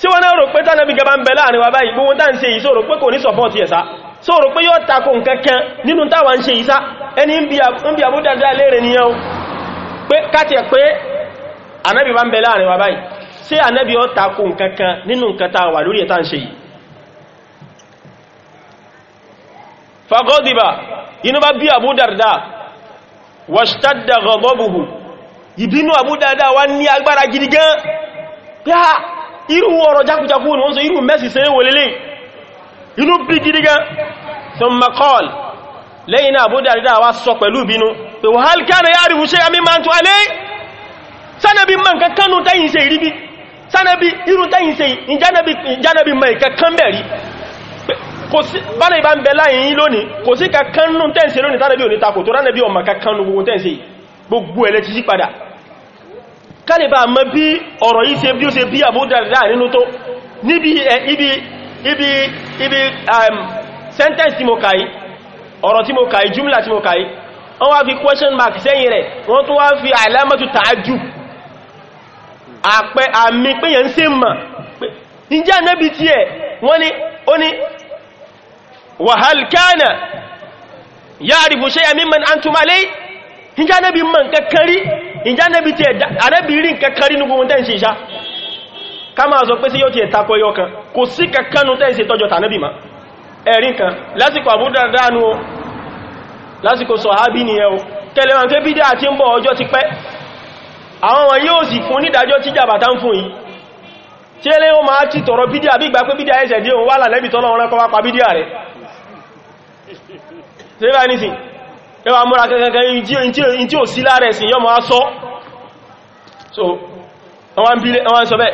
tí wọ́n náà rò pé tánàbí gaba ń bẹ láàrin wa báyìí gbogbo táwọn ṣe ìsó rò pé kò ní sọ̀pọ̀tì ẹ̀sá so rò pé yóò takùn kankan nínú táwọn ṣe ìsá ẹni ń bí abúdàdà lérè níyàn pé káti wàṣtàdà gọ̀bọ̀bùhù ìbínú àbúdáadáa wá ní agbára gidi gan pé irú ọ̀rọ̀ jákújákú ní wọ́n sọ irú mẹ́sì sẹ́yìn wò lélẹ̀ inú bí gidi gan thumma qala lẹ́yìn àbúdáadáa wá sọ pẹ̀lú ìbínú pé wà hálkánà yá rí wùṣẹ́ àmì máa tó alẹ́ sánàbí ma nǹkan kánú tẹ́yìn se ìríbí sánàbí kò sí bánà ìbá ń bẹ láyé yí lónìí kò sí kankan nù tẹ́ǹsẹ̀ lónìí tánàbí ò ní takò tó ránàbí ọmọ kankan nù gbogbo tẹ́ǹsẹ̀ gbogbo ẹ̀lẹ́ ti yípadà kálẹ̀bà mọ́ bí ọ̀rọ̀ yìí ṣe bí ó ṣe bí àbúdàdà nínú tó níbi ibi um, question mark sẹ́yìn rẹ̀ wọ́n tó wá fi àìlámọ́tù tààjù àpẹ àmì pé yẹn ń ṣe wàhálì kánà yá àrífò ṣe àmì mọ̀ àntúmàlé ìjá nẹ́bí mọ̀ kankari ìjá nẹ́bí tí ànẹ́bí rí kankari nínú tẹ́ ń ṣe ìṣá ká máa sọ pé sí yóò ti ẹ̀takọ ẹyọ kan kò sí kankanu tẹ́ ń ṣe tọ́jọ tànẹ́bí ma ẹ̀rin kan lásìkò àbúdádánu o lásìkò sọ̀hábí ni ẹ o tẹ́lẹ̀ wọn pé bídá àti ń bọ̀ tí jàbàtà máa ti tọ̀rọ bídá bí pé bídá ẹsẹ̀ dí wà lànẹ́bì tọ́lọ́wọ́n rẹ́kọ́ wá pa bídá rẹ̀ ṣe bá nísìn ẹwà múra kankan in tí ò sí láàrẹ̀ sí yọ́ ma sọ so wọ́n sọ bẹ́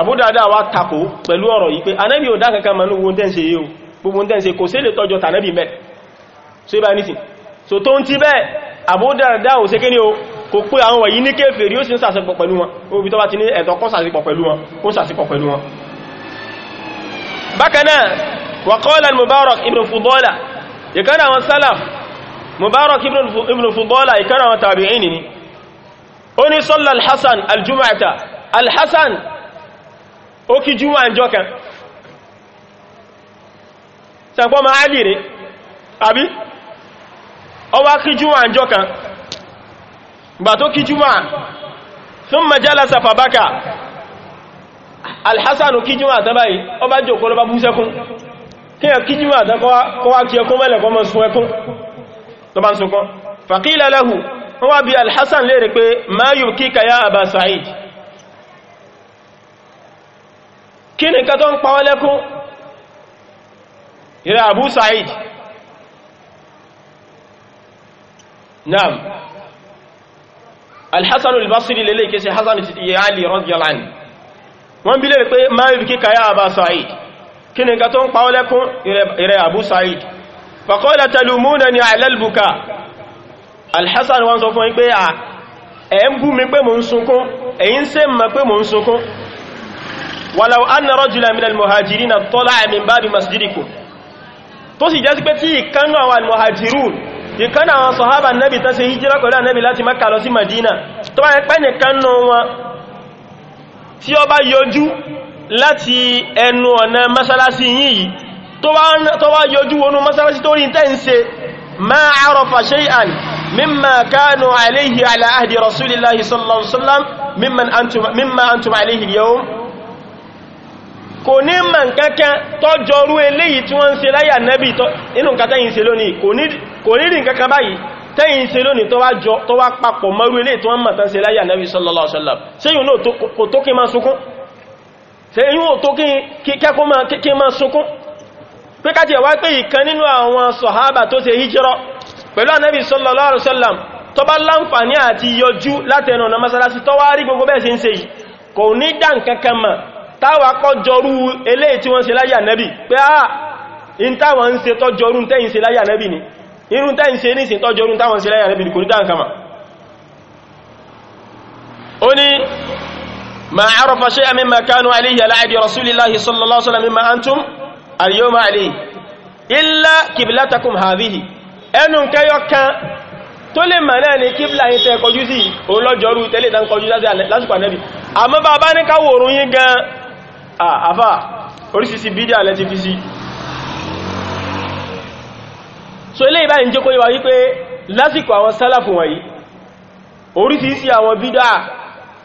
àbúdádá wa takò pẹ̀lú ọ̀rọ̀ yìí pé anẹ́bí ò dá kankan mọ̀ ní gbogbo tẹ́ǹsẹ̀ yíò gbogbo tẹ́ǹsẹ̀ kò sí lè tọ́jọ tànẹ́bí mẹ́ so bá nísìn so tó ń ti bẹ́ àbúdádá ò sé kéní o kò pé àwọn wọ̀nyí ní kéfèrí ó sì ń sàṣepọ̀ pẹ̀lú wọn obi tó bá ti ní ẹ̀tọ́ kọ́ sàṣepọ̀ pẹ̀lú wọn ó sàṣepọ̀ pẹ̀lú wọn bákan náà وقال المبارك ابن فضالة يكان عن سلف مبارك ابن فضالة يكان عن تابعيني أني صلى الحسن الجمعة الحسن أوكي جمعة جوكا sàpọ̀ ma ábì rí àbí ọwá kí júmà ń jọka bà tó kí júmà fún majala safabaka alhassanu kí júmà tàbí ọba jòkó lọ bá bú kíyàn kí jímọ̀ àtàkọwà kí ẹkún mẹ́lẹ̀ kọmọ sun ẹkún tó bá ń sun kan faqila lahu wọ́n wá bí alhassan léèrè pé ma yubkika ya Aba Sa'id kí ni kàtọ́ ń pàwọ́ lẹ́kún ìrẹ Abu Sa'id naam alhassan al-Basri lè lè kése hassan ti yẹ Ali radiyallahu anhu wọ́n bí léèrè pé ma yubkika ya Aba Sa'id kí ni nǹkan tó ń pàwọ́ lẹ́kún ìrẹ Abu Sa'id faqala talumūnanī 'alā al-bukā Al-Hasan wọ́n sọ fún pé à ẹ̀ ń bú mi pé mò ń sunkún èyí ń ṣe mọ̀ pé mò ń sunkún walaw anna rajulan mina al-muhājirīna ṭala'a min bābi masjidikum tó sì jẹ́ sí pé tí ìkan náà wà al-muhājirūn ìkan àwọn sọ̀hábà nẹ́bì tán ṣe hijira pẹ̀lú ànẹ́bì láti Mákà lọ sí Madina tó bá yẹ pẹ́ nìkan náà wọn tí ó bá yọjú láti ẹnu ọ̀nà masalasi yìí tó wá yọjú wọnú masalasi tó rí tẹ́ ń ṣe ma arafa shay'an mimma kanu alayhi ala ahdi rasulillahi sallallahu alaihi wasallam mimma antum alayhi al-yawm kò ní mọ̀ kankan tó jọrú eléyìí tí wọ́n ń ṣe láyà nẹ́bì inú nǹkan tẹ́yìn ṣe lónìí kò ní rí nǹkan kan báyìí tẹ́yìn ṣe lónìí tó wá papọ̀ mọ́rú eléyìí tí wọ́n sallallahu alaihi wasallam ṣe yíò tó kí ma sunkún pé káti ẹ̀wà pé ìkan nínú àwọn sọ̀hábà tó ṣe hijira pẹ̀lú ànábì sallallahu alaihi wasallam tó bá láǹfàní àti yọjú látẹnu ọ̀nà masalasi tó wá rí gbogbo bẹ́ẹ̀ sí ń ṣe yìí kò ní dá nǹkan kan mọ̀ táwà kọ́ jọrú eléyìí tí wọ́n ṣe láyé ànábì pé á in táwọn ń ṣe tó jọrú tẹ́yìn ṣe láyé ànábì ni irú tẹ́yìn ṣe ní ìsìn tó jọrú táwọn ṣe láyé ànábì ni kò ní dá nǹkan mọ̀ ما عرف شيئا مما كانوا عليه على عهد رسول الله صلى الله عليه وسلم مما أنتم اليوم عليه إلا كبلتكم هذه ẹnu kẹyọkan tó lè mọ̀ náà ní kíblà yìí tẹ́ kọjú sí olójọ́rú tẹ́lẹ̀ tán kọjú lásìkò ànẹ́bì àmọ́ bá bá ní káwòrún yí gan àfà orísìsì bídíà lẹ́ti fi sí so ilé ìbá ìjẹ́kọ́ yíwa wípé lásìkò àwọn sálàfù wọ̀nyí orísìsì àwọn bídíà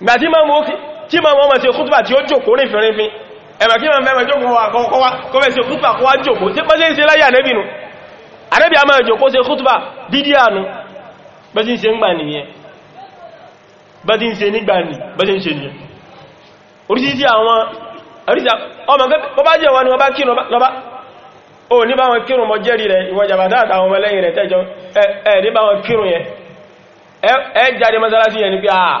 gbà tí máa mú tí máa mú ọmọ sí òkútùbà tí ó jòkó ní ìfìnrinfin ẹ̀mà kí máa mẹ́mẹ́ jòkó wà kọ́kọ́ wá kọ́fẹ́ sí òkútùbà kọ́wá jòkó tí pọ́ sí ṣe láyé ànẹ́bì nù ànẹ́bì a máa jòkó sí òkútùbà dídí ànú bẹ́sí ṣe bá wọn ni wọ́n bá kírun lọ́bá o ní bá wọn kírun mọ jẹ́rì rẹ̀ ìwọ jàbàtà àtàwọn ọmọ lẹ́yìn rẹ̀ tẹ́jọ ẹ̀ ní bá wọn kírun yẹn ẹ jáde mọ́sálásí yẹn ni pé àà ah,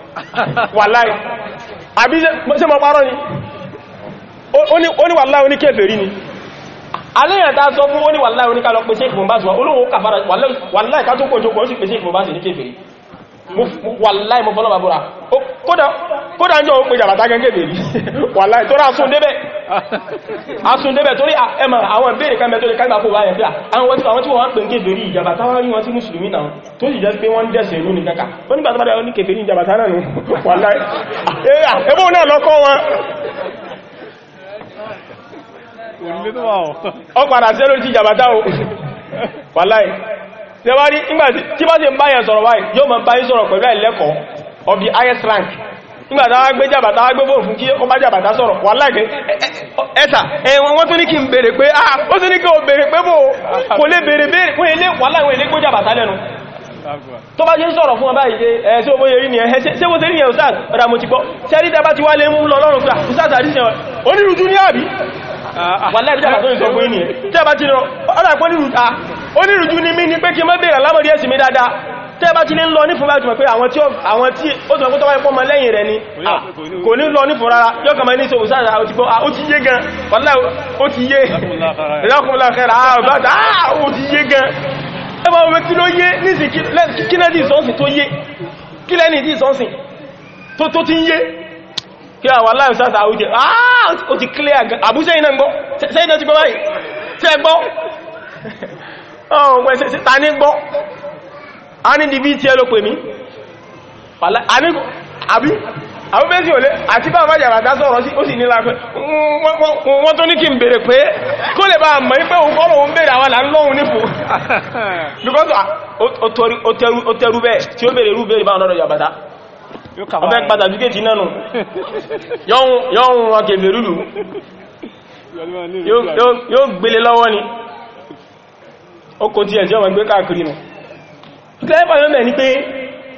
wàláì àbí ṣe mọ́ parọ́ ni ó ní wàláì oní kèfèrí ni aléyàn tá sọ fún ó ní wàláì oníkàlọ pèsè ìfòmbáṣì wà olóòwò kàfàrà wàláì ká tó kòjò kò ó sì pèsè ìfòmbáṣì ní kèfèrí wàláì mọ́ fọ́lọ́bà búra kódà ń jọ ó pè jàbàtà gẹ́gẹ́ bèèrè wàláì tó rá asúndébẹ̀ torí ẹmà àwọn ìbéèrè kan mẹ́tọ́lẹ̀ kágbà kó wáyẹ̀ pé àwọn tí wọ́n ń pè ń kèfèrí ìjàbàtà wá rí wọn sí mùsùlùmí náà tó sì jẹ́ pé wọ́n dẹ̀sẹ̀ ìlú ní kàkà ó nígbà tó bá dáwọn ní kèfèrí ìjàbàtà náà nù wàláì ẹbọ́ náà lọ́kọ́ wọn ó padà sẹ́lórí ti ìjàbàtà ó wàláì lẹ́wárí tí bá ti ń báyẹ̀ sọ̀rọ̀ wáyé yóò mọ̀ báyẹ̀ sọ̀rọ̀ pẹ̀lú ẹ̀lẹ́kọ̀ọ́ of the highest rank nígbàtà gbé jàbàtà gbé bóòrùn fún kí ó bá jàbàtà sọ̀rọ̀ wà láìpẹ́ ẹ̀sà ẹ̀wọ̀n wọ́n ní kí n bèèrè pé ah ó ní kí o bèèrè pé bò kò lè bèèrè bèèrè fún ilé wà láìwọ̀n ilé gbé jàbàtà lẹ́nu tó bá jẹ́ sọ̀rọ̀ fún ọba yẹrí ṣe tẹ́rí wàlẹ́ ìjọba tó ń sọ fún ìní tẹ́ẹ̀bá ti lọ ọ́nà pọ́ nírùta ah, onírùjú ní mí ní pé kí mọ́ bèèrè alámọ̀rí ẹ̀sìn mi dáadáa tẹ́ẹ̀bá ti ní lọ ní fúnra jùmọ̀ pé àwọn tí ó sọ fúnra pọ́ mọ́ lẹ́yìn rẹ̀ ni kò ní lọ ah, ní fúnra yóò kàmọ́ ní sọ́wọ́ sára ah, ó ti gbọ́ ó ti yé gan wàlẹ́ ó ti yé ìrọ́kùnlákẹ́rà ó ti yé gan ẹbá ọmọ kí ló yé nísìn kí lẹ́dì ìsọ́nsìn tó yé kí lẹ́ni ìdí ìsọ́nsìn tó tó ti ń yé kí àwọn aláìwò sáàtà àwújẹ́ àà ah! ó ti clear gan àbúṣẹ́ iná gbọ́ sẹ́yìn náà ti gbọ́ báyìí tí ẹ gbọ́ ọ̀pẹ́ sí oh, ta ní gbọ́ a ní dìbí tí ẹ ló pè mí àbí àbúbẹ́ sí òlé àti bá bá jàràdá sọ̀rọ̀ sí ó sì nílá pé wọ́n tó ní kí n bèèrè pé kó lè bá mọ̀ ní pé òun kọ́ lòun bèèrè àwọn àlọ́hun nípò because ah, ó tẹrú wọ́n fẹ́ pàtàkì kéèkì náà nù yọ́hun wọn kèfè rúlù yóò gbélé lọ́wọ́ ni ó kò tí ẹ̀jọ́ wọn gbé káàkiri nù gẹ́gbà yóò mẹ́ ní pé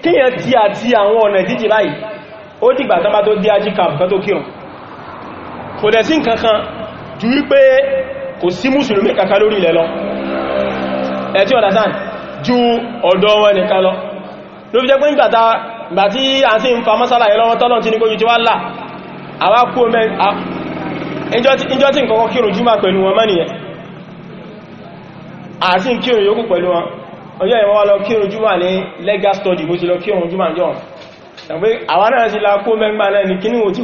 kíyàn tí àti àwọn ọ̀nà ìdíje báyìí ó dìgbà tán bá tó dí ají kàbùkán tó kírùn kò dẹ̀ sí nǹkankan ju wípé kò sí mùsùlùmí kankan lórí ilẹ̀ lọ ẹ̀ tí ọ̀dásán ju ọ̀dọ́ wọn nìkan lọ ló fi jẹ́ pé ń ìgbà tí a sì ń fa mọ́sálà yẹ lọ́wọ́ tọ́lọ̀ tí ní kó yìí tí wá là àwá kú ọmọ ìjọ tí nǹkan kírun júmà pẹ̀lú wọn mẹ́niyàn a sì ń kírun yókù pẹ̀lú wọn ọjọ́ ìwọ́n wá lọ kírun júmà ní legal study bó ti lọ kírun júmà jọ ẹ̀gbẹ́ náà la kó mẹ́gbà náà ní kíníwò tí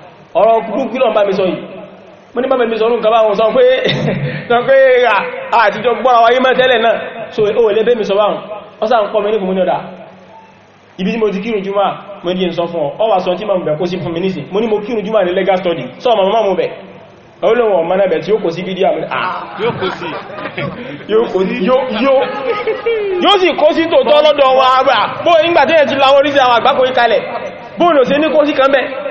ọ̀rọ̀ burúkú lọ bá mi sọ yìí mo ní bàbá mi sọ nǹkan báwọn sọ pé pé àtijọ́ gbọ́ra wáyé mẹ́tẹ́lẹ̀ náà so ó lè bẹ́ mi sọ báwọn ọ sáà ń kọ́ mi ní kùmú ní ọ̀dà ibi tí mo ti kírun júmà mo ní sọ fún ọ wà sọ tí ma mú bẹ̀ kó sí fún mi nísì mo ní mo kírun júmà ní legal study sọ ọmọ mọ́ mú bẹ̀ olóhun ọmọ náà bẹ̀ tí ó kò sí fídíò àmì yóò sì kó sí tòótọ́ lọ́dọ̀ wọn àgbà bóyí ń gbà tí ẹ̀ ti láwọn orísìí àwọn àgbákò ìkalẹ̀ bóòlù sí ní kó sí kan bẹ́ẹ̀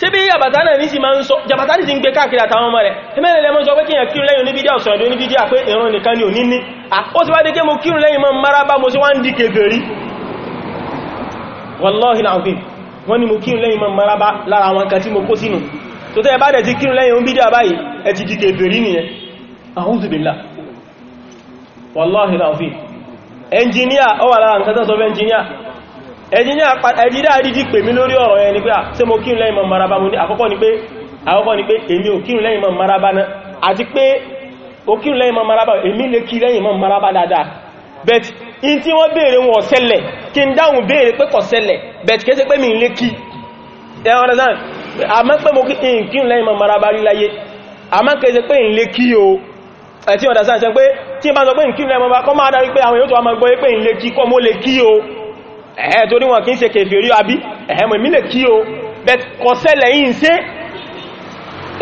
ṣe bí yàbàtà náà ní sí ma ń sọ yàbàtà ní sí ń gbé káàkiri àtàwọn ọmọ rẹ̀ ẹmẹ́rin lẹ́mọ́ sọ pé kí yàn kírun lẹ́yìn oníbídíà ọ̀sọ̀rọ̀ ìdó oníbídíà pé ìran nìkan ni ò ní ní ó sì wá dé kí mo kírun lẹ́yìn mọ́ mara bá mo sí wá ń di kèfèrí wallahi alazim wọ́n ni mo kírun lẹ́yìn mọ́ mara bá lára àwọn kan tí mo kó sínú tó tẹ́ bá dẹ̀ ti kírun lẹ́yìn oníbídíà báyìí ẹ ti di kèfèrí nìyẹn a'udhu billah wallahi alazim ẹnjìníà ó wà ẹ̀dí dáadídí pè mí lórí ọ̀rọ̀ ẹni pé ah, ṣé mo kírun lẹ́yìn mọ́ maraba mo ní àkọ́kọ́ ni pé àkọ́kọ́ ni pé èmi ò kírun lẹ́yìn mọ́ maraba náà àti pé ó kírun lẹ́yìn mọ́ maraba èmi lè kí lẹ́yìn mọ́ maraba dáadáa bet in tí wọ́n béèrè wọn ọ̀sẹ́lẹ̀ kí n dáhùn béèrè pé kò bet kése pé mi lè kí àmọ́ pé mo kírun lẹ́yìn mọ́ maraba rí láyé àmọ́ kése pé n lè kí o ẹ̀tí ọ̀dà sáà ṣe pé tí n bá sọ pé n kírun mo kí ẹ̀ẹ́ torí wọn kí ń ṣe kèfèrí àbí ẹ̀hẹ́mọ̀ kí o bẹ̀t kọ̀sẹ́lẹ̀ yìí ṣe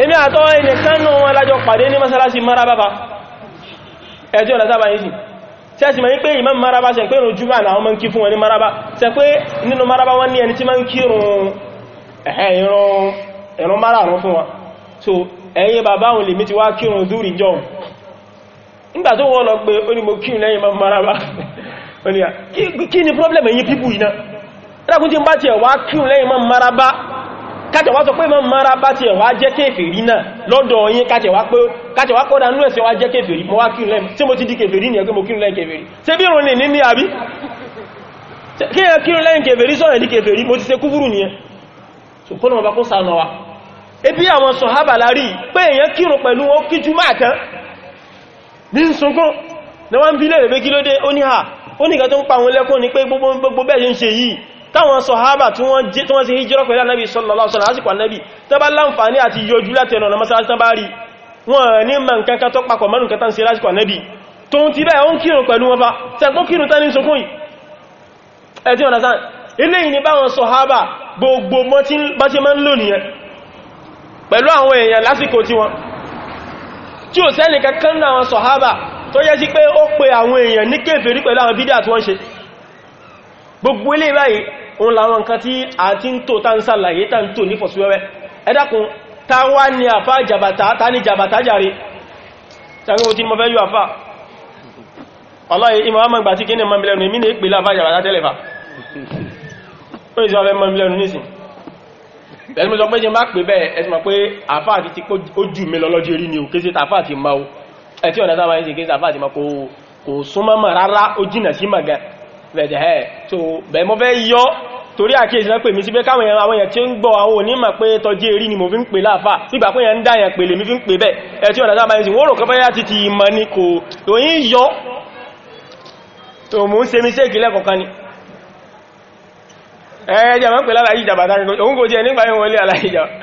èmi àtọ́ ẹnìkanú wọn lájọ pàdé ní mọ́sálásí ma ní pé imam maraba ba pé ìrùn jùmọ́ maraba ṣe pé maraba wọ́n ní ẹni tí máa ń kírun ẹ̀rùn márààrún fún wọn so tó wọ́n lọ pé ó ní mo maraba ẹniyà kí ni problem ẹ̀yin pípù iná ẹ̀dàkùn tí ń bá ti ẹ̀wà kíùn lẹ́yìn máa maraba kájẹ̀wá sọ pé máa maraba ti ẹ̀wà jẹ́ kéfèrí náà lọ́dọ̀ yín kájẹ̀wá kọ́dá nú ẹ̀sẹ̀ wá jẹ́ kéfèrí mo wá kíùn lẹ́yìn tí mo ti di kéfèrí ní ẹgbẹ́ mo kíùn lẹ́yìn kéfèrí ṣe bí ìrùn ní ní àbí kí wa ebi àwọn sọ̀hábà lárí pé èèyàn kírun pẹ̀lú wọn kíjú máa tán ní sunkún ni wọ́n ń ó nìkan tó ń pa àwọn lẹ́kún ní pé gbogbo bẹ́ẹ̀ ń ṣe yìí táwọn sọ̀hábà tí wọ́n ṣe hijira pẹ̀lú anábì sallallahu alaihi wasallam lásìkò anábì tó bá láǹfààní àti yọjú láti ẹ̀nà masáàlì tán bá rí wọn ní ma nǹkan kan tó papọ̀ mọ́nù kẹta ń ṣe lásìkò anábì tó ń ti bẹ́ẹ̀ ó ń kírun pẹ̀lú wọn bá tẹ́gbó kírun tán ní sokún yìí ẹ̀ tí wọ́n dásán ilé yìí ni báwọn sọ̀hábà gbogbo bá ti máa ń lò nìyẹn pẹ̀lú àwọn èèyàn lásìkò tí wọ́n tí ò sẹ́nìkan kan náà wọn sọ̀hábà tó yẹ sí pé ó pe àwọn èèyàn ní kèfèrí pẹ̀lú àwọn bídá tí wọ́n ṣe gbogbo ilé báyìí òun làwọn nǹkan tí a ti ń tò tán sàlàyé tán tò ní fọ̀síwẹ́wẹ́ ẹ dákun ta wá ní àfá jàbàtà ta ní jàbàtà jàre tàbí ohun tí mo fẹ́ yọ àfá ọlọ́yìn ìmọ̀ àmọ́ ìgbà ó ní sọ fẹ́ mọ́mílẹ́nu àfá ẹ̀tí ọ̀nà sáwọn ẹ̀sìn kí sàfà àti ma kò súnmọ́ mọ̀ rárá ó jìnà sí màgán bẹ̀jẹ̀ ẹ̀ tó bẹ̀ẹ̀ mo fẹ́ yọ torí àkíyèsí náà pè mí sí pé káwọn èèyàn àwọn èèyàn tí ń gbọ́ ni mo fi ń pè láàfà nígbà pé èèyàn ń dáyàn pè lèmi fi ń pè bẹ́ẹ̀ ẹ̀tí ọ̀nà sáwọn ẹ̀sìn wọ́n rò kọ́ bẹ́yà ni kò lóyìn yọ tó mú ń ṣe mi sí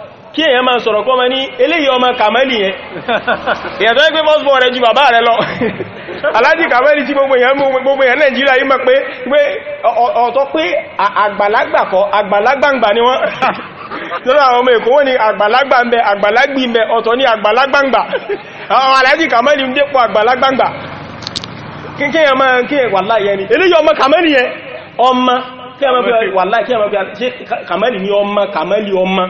kí èyàn máa sọ̀rọ̀ kọ́ ma ní eléyìí ọmọ kàmẹ́lì yẹn èyàn tó ń gbé bọ́sbọ̀ rẹ̀ bàbá rẹ̀ lọ aláàjì kàmẹ́lì tí gbogbo èyàn nàìjíríà yí ma pé ọ̀tọ̀ pé àgbàlagbà kọ́ àgbàlagbà wọ́n lọ́nà àwọn ọmọ èkó wọ́n ni àgbàlagbà ń bẹ àgbàlagbì ń bẹ ní àwọn kàmẹ́lì ń dépò kíyàn ni eléyìí ọmọ kàmẹ́lì máa máa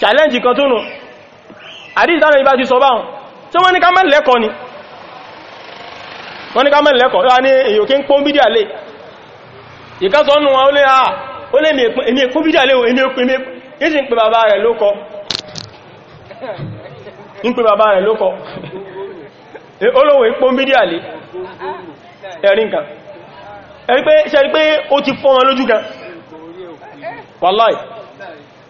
challenge kan tó nù àdíjì tánà ìbá ti sọ báhùn tí wọ́n ní ká mẹ́lẹ̀ lẹ́kọ̀ọ́ ni wọ́n ní ká mẹ́lẹ̀ lẹ́kọ̀ọ́ wọ́n ní èyò kí ń pọ́n bídí àlè ìkásọ́ nù wọn ó lé àà ó lé èmi èkó bídí àlè èmi èkó èmi èsì ń pè bàbá rẹ̀ lókọ ń pè bàbá rẹ̀ lókọ olówó ìpọ́n bídí àlè ẹ̀rí nǹkan ẹ̀rí pé ó ti fọ́ wọn lójú gan wàláì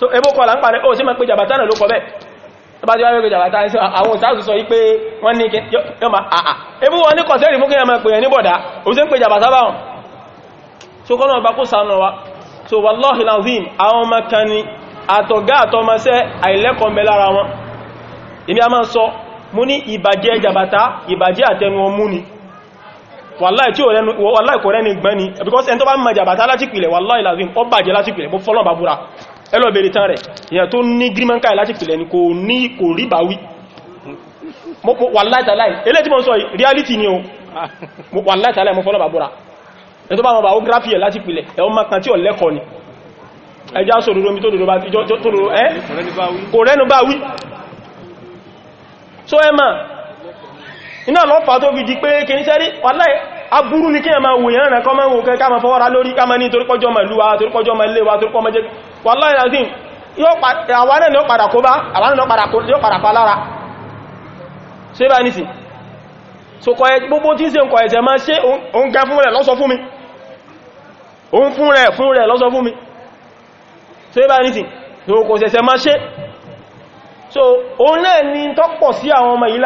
so ebó kọlà ń parẹ́ ó sí ma pé jàbátá náà ló kọ bẹ́ẹ̀ tó bá ti wáyé pé jàbátá ní àwọn òsáàsù sọ wípé wọ́n ní ma. àà ebú wọn ní kọ̀sẹ́rì fún kíyàmà pè ní bọ̀dá ó sí ń pè jàbátá báwọn so kọ́nà ọba kó sànà wa so wallahi lazim àwọn ọmọ kan ni àtọ̀gá àtọmọsẹ́ àìlẹ́kọ̀ọ́mẹ lára wọn èmi a máa sọ mú ní ìbàjẹ́ jàbátá ìbàjẹ́ àtẹnu ọmú ni wàláì tí wàláì kò rẹ́ni gbẹ́ni because ẹni tó bá mọ jàbátá láti pìlẹ̀ wàláì lazim ọ bàjẹ́ láti pìlẹ̀ mo fọ́lọ́ bàbúra ẹlọ́bẹ̀rẹ̀ tán rẹ̀ èyàn tó ní grímọ́nká láti pìlẹ̀ ní kò ní kò rí bá wí wàláhì reality ni o wàláhì tàláhì mo fọ́lọ́bà búra ẹ tó bá wọn bá ó gráfíẹ̀ láti pìlẹ̀ ẹ̀wọ́n máa kan tí ọ̀lẹ́kọ̀ ni ẹjá sọ iná lọ́fà tó fi di pé kìí sẹ́rí wàláì aburú ní kí ẹ ma wòyàn rẹ̀ kọ́ mọ́ wò kẹ́ ká lórí ká ní torípọ́jọ́ ma torípọ́jọ́ ma torípọ́ ni ó padà kó bá àwọn náà yóò padà pa lára ṣe bá nìsìn so kọ gbogbo tí ń ṣe nǹkan ẹ̀sẹ̀ ma ṣe òun gẹ fún rẹ̀ lọ́sọ fún mi òun fún rẹ̀ fún rẹ̀ lọ́sọ fún mi so kò náà ni tọ́pọ̀ sí àwọn ọmọ yìí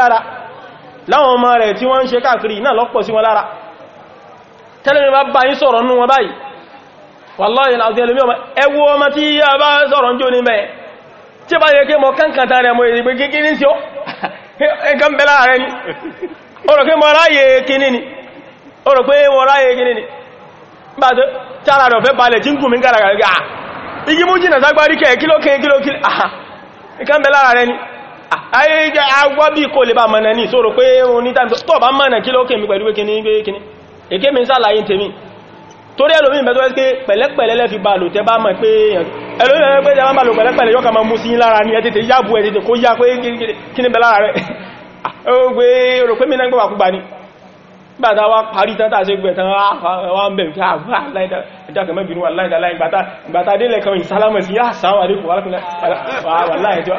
láwọn ọmọ rẹ̀ tí wọ́n ń ṣe káàkiri náà lọ́pọ̀ sí wọn lára tẹ́lẹ̀mí bá bá yí sọ̀rọ̀ nínú wọn báyìí wàláyìn láti ẹlùmí ọmọ ẹwú ọmọ tí yá bá sọ̀rọ̀ ń jò ní mẹ́ tí bá yẹ kí mọ ni ni ayé jẹ́ agbọ́ bí kò lè bá mọ̀nà ní ìṣòro pé o ní tàbí tó bá mọ̀nà kí lókè mi pẹ̀lú kíní gbé èké mi sàlàyé tèmi torí ẹlòmí ìbẹ̀ pé pẹ̀lẹ́pẹ̀lẹ́ bá lò tẹ́ bá mọ̀ pé ẹlòmí pé ma mú sí lára ní ẹ̀tẹ̀tẹ̀ yábù ẹ̀tẹ̀tẹ̀ kó pé kíní bẹ lára rẹ̀ ogbe pé mínà ah, gbọ́wà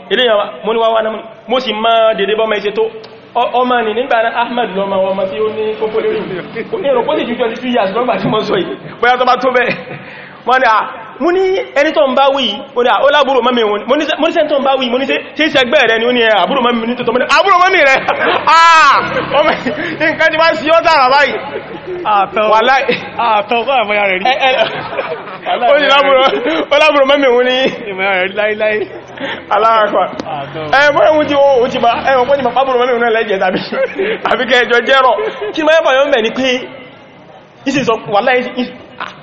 eléyàwó mo ní wá wá náà mo sì máa dédé bọ́ mẹ́ṣe tó ọmọ ni nígbà náà Ahmed lọ́mọ ọmọ tí ó ní kókó lórí èrò kó sì jù 22 years mo ní ẹni tó ń bá wí ó dá olábúrò mọ́mí wọn mo ní sẹ́ tó ń bá wí mo ní ṣe ṣẹgbẹ́ rẹ ni ó ní àbúrò mọ́mí ní tọ́tọ́ àbúrò mọ́mí rẹ àà ah, ọmọ nǹkan ti máa sí ọ́ tààrà báyìí àtọ́kọ́ àmọ́yà rẹ̀ rí olábúrò mọ́mí wọn ní ìmọ̀yà rẹ̀ láíláí aláàkọ́ ẹ̀mọ́ ẹ̀wọ́n tí ó ti bá ẹ̀wọ̀n pọ́ ti bá pàbùrù mọ́mí wọn lẹ́jẹ̀ tàbí àbíkẹ́ ẹjọ́ jẹ́rọ kí mọ́ wà láì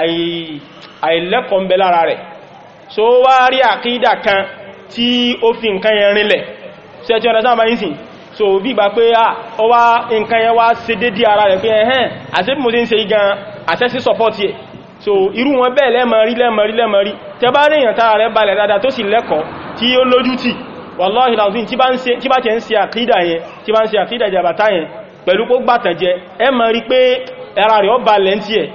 àìlẹ́kọ̀ọ́ ń bẹ lára rẹ̀ so wá rí àkídà kan tí ó fi nǹkan yẹn rinlẹ̀ ṣe tí ọ̀nà sáàmà yìí sìn so bí ìgbà pé ó wá nǹkan yẹn wá ṣe dédé ara rẹ̀ pé ẹ̀hẹ́n àti bí mo ti ń ṣe igan àṣẹ́sí sọpọ́tì ẹ̀ so irú wọn bẹ́ẹ̀ lẹ́mọ̀rí lẹ́mọ̀rí lẹ́mọ̀rí tẹ bá rí èyàn tára rẹ̀ balẹ̀ dáadáa tó sì lẹ́kọ̀ọ́ tí ó lójú tì wàláhì láàrín tí bá tẹ́ ń ṣe àkídà yẹn tí bá ń ṣe àkídà jàbàtá yẹn pẹ̀lú kó gbàtànjẹ ẹ mọ̀ rí pé ara rẹ̀ ọ balẹ̀ ń tí ẹ̀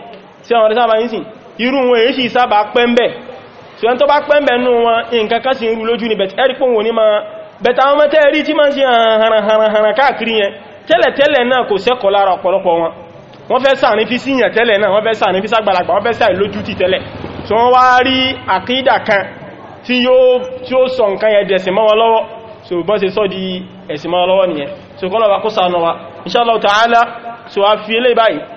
sí àwọn ọ̀rẹ́sáàbà ń sìn irú wọn èyí sì sábà pẹ́m̀bẹ̀ so ẹn tó bá pẹ́m̀bẹ̀ nú wọn nǹkan kan sí irú lójú ní bẹ̀t ẹ̀rí pòun ní máa bẹ̀t àwọn mẹ́tẹ́ rí tí máa ń sí hàrànhàrànhàrà káàkiri yẹn tẹ́lẹ̀tẹ́lẹ̀ náà kò sẹ́kọ̀ọ́ lára ọ̀pọ̀lọpọ̀ wọn wọ́n fẹ́ sàrin fi síyàn tẹ́lẹ̀ náà wọ́n fẹ́ sàrin fi sàgbàlagbà wọ́n fẹ́ sàì lójú ti tẹ́lẹ̀ so wọ́n wá rí àkídà kan tí yóò sọ nǹkan yẹn dẹ̀sìn mọ́ wọn lọ́wọ́ so bọ́n ṣe sọ di ẹ̀sìn mọ́ wọn lọ́wọ́ nìyẹn so kọ́lọ̀ wa kó sànà wa inṣàlọ́ ta'ala so a fi eléyìí báyìí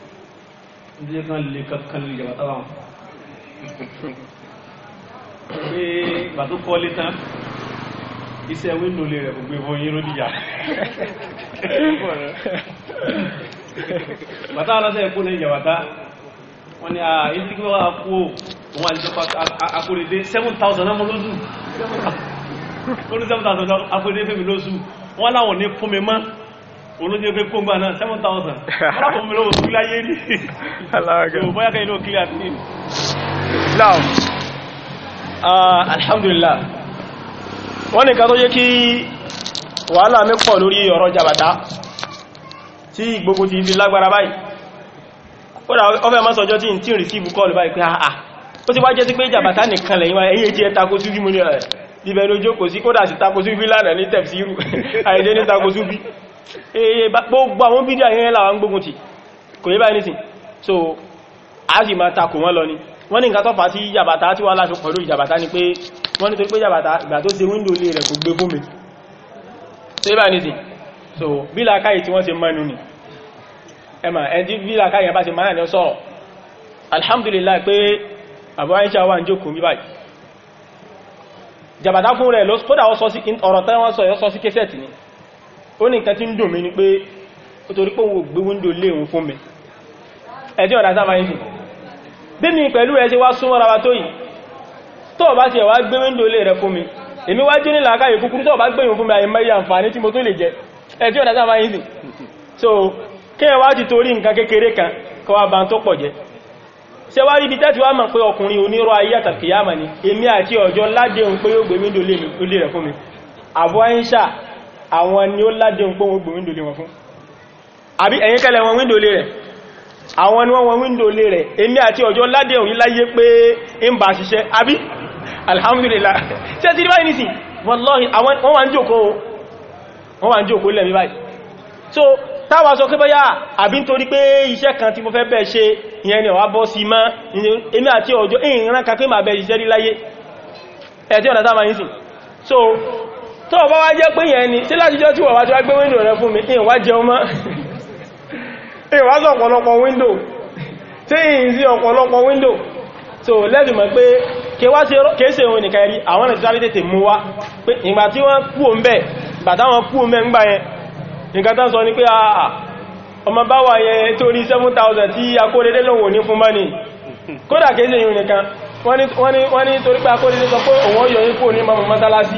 níbi kan lè kankan lè jàbátá wọn pé bàtú kọ́lé tán iṣẹ́ wíńdò lè rẹ̀ kò gbé fún yín lódìjà bàtá aláṣẹ ẹ̀kọ́ lè jàbátá wọ́n ní àà ìdí kí wọ́n kó òun àlejò akóredé 7,000 náà mọ́ lóṣù ó ní 7,000 akóredé fẹ́mi lóṣù wọ́n láwọn ní fún mi mọ́ olóyè pé kóngbà náà seven thousand alákòó mi lówó kílá yé ní ṣòwò bóyá kẹ́yìn ló kílá now ah, alhamdulillah wọ́n nìkan tó yẹ kí wàhálà mi pọ̀ lórí ọ̀rọ̀ jàbàtà tí gbogbo ti fi lágbára báyìí kódà ọfẹ́ máa sọjọ́ tí n tí n rìsíìfù kọ́ọ̀lù báyìí pé àà ah, ah. ó ti wá jẹ́ sí pé jàbàtà nìkan lẹ́yìn wa èyí ti ẹ tako sí fíìmù ní ọ̀rẹ́ eh, ibẹ̀ lójókòó sí kódà sí tako sí fíìmù lánàá ní àìdé ní tako Eh, gbogbo àwọn bídíà yẹn láwọn gbógun ti kò yẹ báyìí nìsìn so a sì máa takò wọ́n lọ ni wọ́n ní nǹkan tọ́fà sí jàbàtà tí wọ́n láti pẹ̀lú ìjàbàtà ni pé wọ́n ní tó pé jàbàtà ìgbà tó ṣe wíńdò lè rẹ̀ kò gbé fún mi so yẹ báyìí nìsìn so bí làákàyè tí wọ́n ṣe mọ́nu ni ẹmà ẹni bí làákàyè bá ṣe máa ní sọ̀rọ̀ alhamdulillah pé àbọ̀ àìṣà wà ń jókòó bí báyìí jàbàtà fún rẹ̀ lọ́sọ́dà ọ̀rọ̀ tẹ́wọ́n sọ yọ́ sọ sí kẹsẹ̀tì ni ó ní nǹkan tí ń dùn mí ní pé ó torí pé òun gbé wíńdò léhun fún mi ẹ̀tí ọ̀dá sáfà yìí bí mi pẹ̀lú ẹ ṣe wá súnmọ́ ra wa tó yìí tó o bá ti ẹ̀wà gbé wíńdò lé rẹ fún mi èmi wá jẹ́ nílà káyè tó o bá gbé yìí fún ń ni èmi àti ọjọ́ ládéhùn pé yóò gbé wíńdò lé ṣáà àwọn ni ó ládé ń pọ́ wọn gbò wíńdò lé wọn fún àbí ẹ̀yin kẹlẹ̀ wọn wíńdò lé rẹ̀ àwọn ni wọ́n wọn wíńdò lé rẹ̀ èmi àti ọjọ́ ládé òní láyé pé ń bá ṣiṣẹ́ àbí alhamdulillah ṣe ti rí báyìí nìsìn wallahi wọ́n wà ń jókòó wọ́n wà ń jókòó lẹ́mí báyìí so táwà sọ pé bọ́yá àbí nítorí pé iṣẹ́ kan tí mo fẹ́ bẹ́ẹ̀ ṣe ìyẹn ni ọ̀wá bọ́ sí mọ́ èmi àti ọjọ́ ìrìnrán kan pé màá bẹ́ẹ̀ ṣiṣẹ́ rí láyé ẹ̀ tí ọ̀nà táwà yìí sìn so tó bá wá jẹ́ pé yẹn ni tí látijọ́ tí wà wá tí wá gbé wíńdò rẹ fún mi ìwá jẹun mọ́ ìwá sọ ọ̀pọ̀lọpọ̀ wíńdò tí ìyìn sí ọ̀pọ̀lọpọ̀ wíńdò so lẹ́bì mọ̀ pé kéèsè òun nìkan ẹ̀rí àwọn ẹ̀sì sáré tètè mú wá pé ìgbà tí wọ́n kú òun bẹ̀ bàtà wọn kú òun bẹ̀ ńgbà yẹn nǹkan tán sọ ni pé àà ah, ah, ọmọ bá wà yẹn tó ní 7000 tí akóredé lòun ò ní fún mọ́ni kódà kéèsè òun nìkan wọ́n ní torí pé akóredé sọ pé òun yọ ikú ní mọ́mọ́ mọ́sálásí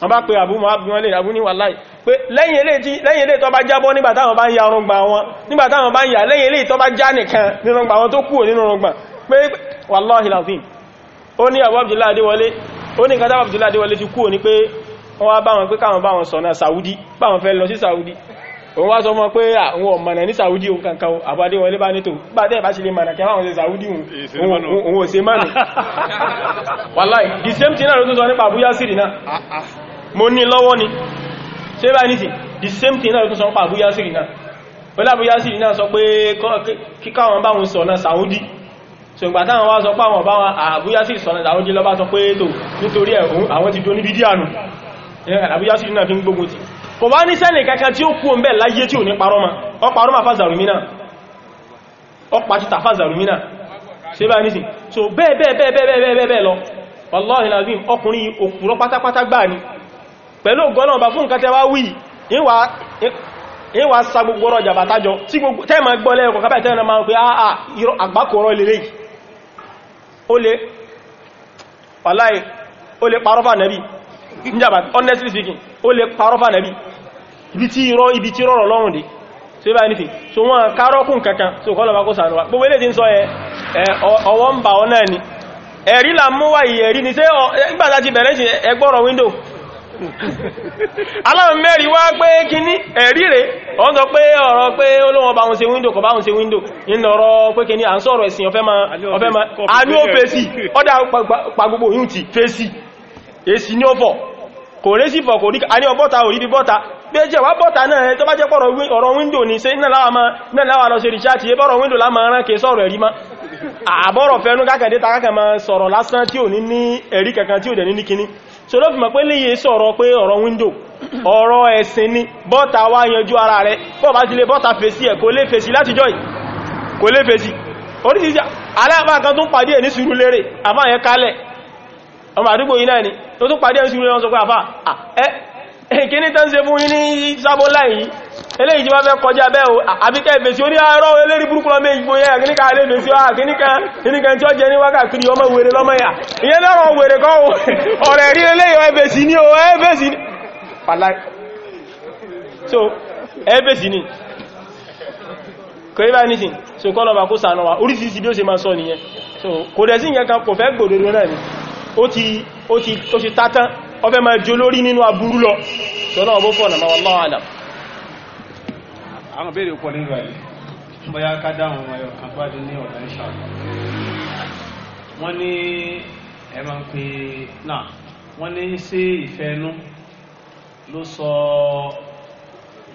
wọ́n bá pe àbúmọ̀ àbúmọ̀ lè àbú ní wàláì pé lẹ́yìn ilé tó bá jábọ́ nígbà táwọn bá ń ya ọrùngbà wọn nígbà táwọn bá ń ya lẹ́yìn ilé tó bá já nìkan nínú ọgbà wọn tó kúrò nínú ọgbà pé wàláhì láàfin ó ní àbú Abdullahi Adéwọlé ó ní kátàbù Abdullahi Adéwọlé ti kúrò ní pé wọ́n Saudi báwọn fẹ́ Saudi òun wá sọ mọ́ pé àwọn Saudi òun kankan Abu Adéwọlé bá nítò bá tẹ́ bá sí lè Saudi òun ò ṣe mọ́nà wàláì the same thing náà ló tún sọ nípa Abu mo ní lọ́wọ́ ni ṣe bá nìsìn the same thing náà tó sọ pa Abu Yasiri náà pẹ̀lú Abu Yasiri náà sọ pé kíkà wọn sọ náà Saudi so ìgbà táwọn wá sọ pé àwọn báwọn Abu Yasiri sọ náà Saudi lọ́bá sọ pé tó nítorí ẹ̀hún àwọn ti dóní bídí ànù Abu Yasiri náà fi ń gbógun ti kò bá ní sẹ́nì kankan tí ó kú ń bẹ̀ láyé tí ò ní parọ́ ma ọ parọ́ ma fásàrùmínà ọ pàtítà fásàrùmínà ṣe bá ní sí so bẹ́ẹ̀ bẹ́ẹ̀ bẹ́ẹ̀ bẹ́ẹ̀ bẹ́ẹ̀ lọ wallahi lazim ọkùnrin òkúrọ pátápátá gbáà ni pẹ̀lú ọgọ́lọ́ọ̀bá fún nǹkan tẹ́ wá wí ìwà sa gbogbo ọ̀rọ̀ jàbátájọ tí gbogbo tẹ́ẹ̀mà gbọ́lẹ̀ ẹ̀kọ̀ kápẹ̀ tẹ́ẹ̀nà máa ń pè àà àgbákòrò lè o lè parọ́fà nẹ́bí honestly speaking o lè parọ́fà nẹ́bí ibi tí rọrọ ibi tí lọ́rùn dé tí ó bá nífẹ̀ so wọ́n kankan kó gbogbo ilé ń sọ ẹ ọwọ́ ń bà ọ náà ni ẹ̀rí là mú ẹ̀rí ni ala mẹ́rin wá pé kíní ẹ̀rí rẹ̀ wọ́n sọ pé ọ̀rọ̀ pé olóhun bá wọn se windo kò bá wọn ṣe wíńdò ìnọ̀rọ̀ pé kíní à ń sọ̀rọ̀ ẹ̀sìn ọ̀fẹ́ máa ní ó fèsì ọdá pàgbogbo yìí ti fèsì èsì ní ọ̀fọ̀ kò rí sí fọ̀ rí àní ọbọ́ta ò rí bí bọ́ta bí ẹjẹ́ wá bọ́ta náà tó bá jẹ́ pọ̀rọ̀ ọ̀rọ̀ náà ma sọ̀rọ̀ lásán tí ò ní ní ẹ̀rí kankan tí ò dẹ̀ ní ní so ló fi mọ̀ pé léyìí sọ̀rọ̀ pé ọ̀rọ̀ window ọ̀rọ̀ ẹ̀sìn ni bọ́ta wá yanjú ara rẹ̀ pọ̀ bá ti lè bọ́ta fèsì ẹ̀ kò lè fèsì láti jọ́ kò lè fèsì oríṣìíṣẹ́ aláàbákan tó ń pàdé ẹ̀ ní sùúrù lérè àmá yẹn ni tó tún pàdé ẹ̀ sùúrù lérè wọn sọ pé àfà eléyìí tí wọ́n fẹ́ kọjá bẹ́ẹ̀ o àbíkẹ́ ìbèsí orí àárọ̀ eléri burúkú lọ́mọ ìgbò yẹ kíníkà alẹ́ ìbèsí wá kíníkà tí ó jẹ ní wákàtí ọmọ wèrè lọ́mọ yà ìyẹn lọ́rọ̀ wèrè kọ́ ọ̀rẹ́ rí eléyìí ẹbẹ̀sí ní o ẹbẹ̀sí so ẹbẹ̀sí ní kòríbá nìsìn so kọ́ lọ́bà wa orísìírísìí bí ó so kò dẹ̀ sí ìyẹn kan ni ó ti ó ti tátán ó fẹ́ máa jolórí nínú aburú lọ so náà bó fọ́nà ma wọ́n láwọn àdàm àwọn béèrè pọ̀ nínú ẹ̀ bóyá ká dáhùn ẹyọ kan tó wájú ní ọ̀dà ìṣà wọ́n ní ẹ máa ń pè náà wọ́n ní ṣé ìfẹ́ inú ló sọ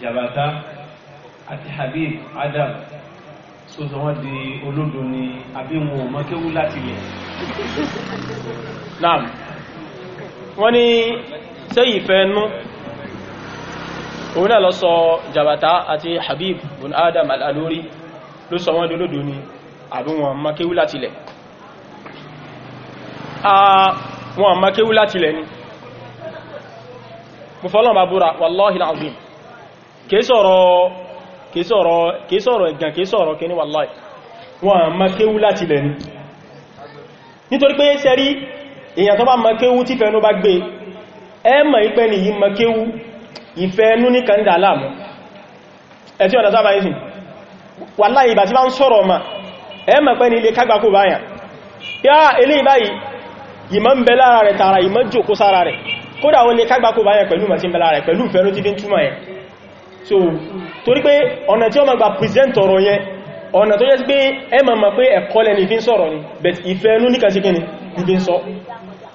jàbàtà àti Habib Adam sọ́sọ́ wọ́n di olódo ni àbí wọn ò mọ́kéwú láti lẹ̀ náà wọ́n ní ṣé ìfẹ́ inú òun náà lọ sọ jabata àti habib bin adam al-alori ló sọ wọ́n dolódo ni àbí wọn makéwú látilẹ̀ wọn makéwú látilẹ̀ ni mo fọ́lọ́n bá búra wallahi alazim kìí sọ̀rọ̀ ẹ̀gàn kìí sọ̀rọ̀ kìí wallahi wọn makéwú látilẹ̀ ni nítorí pé sẹ́rí èyàn tó bá makéwú tí fẹ́nu ìfẹ́ ẹnú ní kan dà láàmú ẹ̀tí ọ̀dá sábà ìsìn wà láì ìbà tí bá ń sọ̀rọ̀ ọmọ ẹ̀mọ̀ pẹ́ ní ilé kágbàkó báyàn yá ilé ìbáyìí ìmọ̀ ń bẹ lára rẹ̀ tààrà ìmọ̀ jòkó sára rẹ̀ kódà ó so torí pé ọ̀nà tí ó máa gba present ọ̀rọ̀ yẹn ọ̀nà tó ni but ìfẹ́ ẹnú níkan sí kíni ìfi ń sọ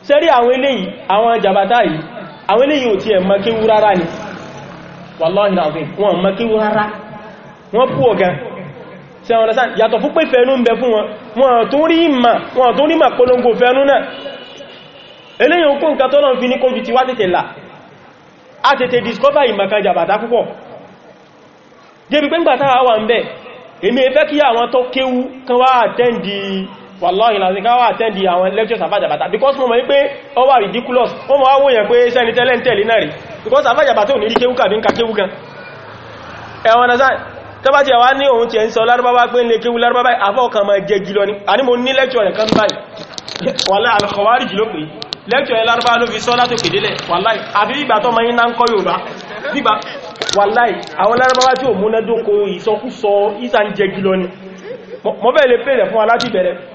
sẹ́rí àwọn eléyìí àwọn jàbátá yìí àwọn eléyìí ò ti ẹ̀ mọ́ kéwú rárá wàláhì láàrín wọn mọ́ kí rárá wọ́n pú ọ̀gá tí àwọn ọ̀dásán yàtọ̀ fún pé fẹ́ẹ̀nú ń bẹ fún wọn wọn tó rí ìmà wọn tó rí ìmà polongo fẹ́ẹ̀nú náà eléyìn okùn nǹkan tọ́lọ̀ fi ní kójú ti wá tètè là a tètè discover ìmọ̀kan jàbàtà púpọ̀ débi pé ń gbàtà wà ń bẹ̀ èmi ẹfẹ́ kí àwọn tó kéwú kan wá àtẹ́ndì wàláhì láti káwà àtẹ́ndì àwọn lectures àfájàbàtà because mo mọ̀ wípé ó wà ridiculous ó mọ̀ wáwó yẹn pé sẹ́ni tẹ́lẹ̀ntẹ̀lẹ̀ náà rí because àfájàbàtà ò ní rí kéwúkà bí ń ka kéwú gan ẹ̀wọ̀n náà tọ́bá ti wá ní òun ti ẹ̀ ń sọ ma jẹ gílọ ní àní mo ní lecture rẹ̀ kan báyìí wàlá alkọwárì lecture ẹ̀ lárúbá ló fi sọ látò kèdélẹ̀ wàláì ma yí ná ń kọ́ Yorùbá nígbà wàláì àwọn lárúbábá tí ò múnádókò ìsọkúsọ ìsà ń jẹ gílọ fún aláti bẹ̀rẹ̀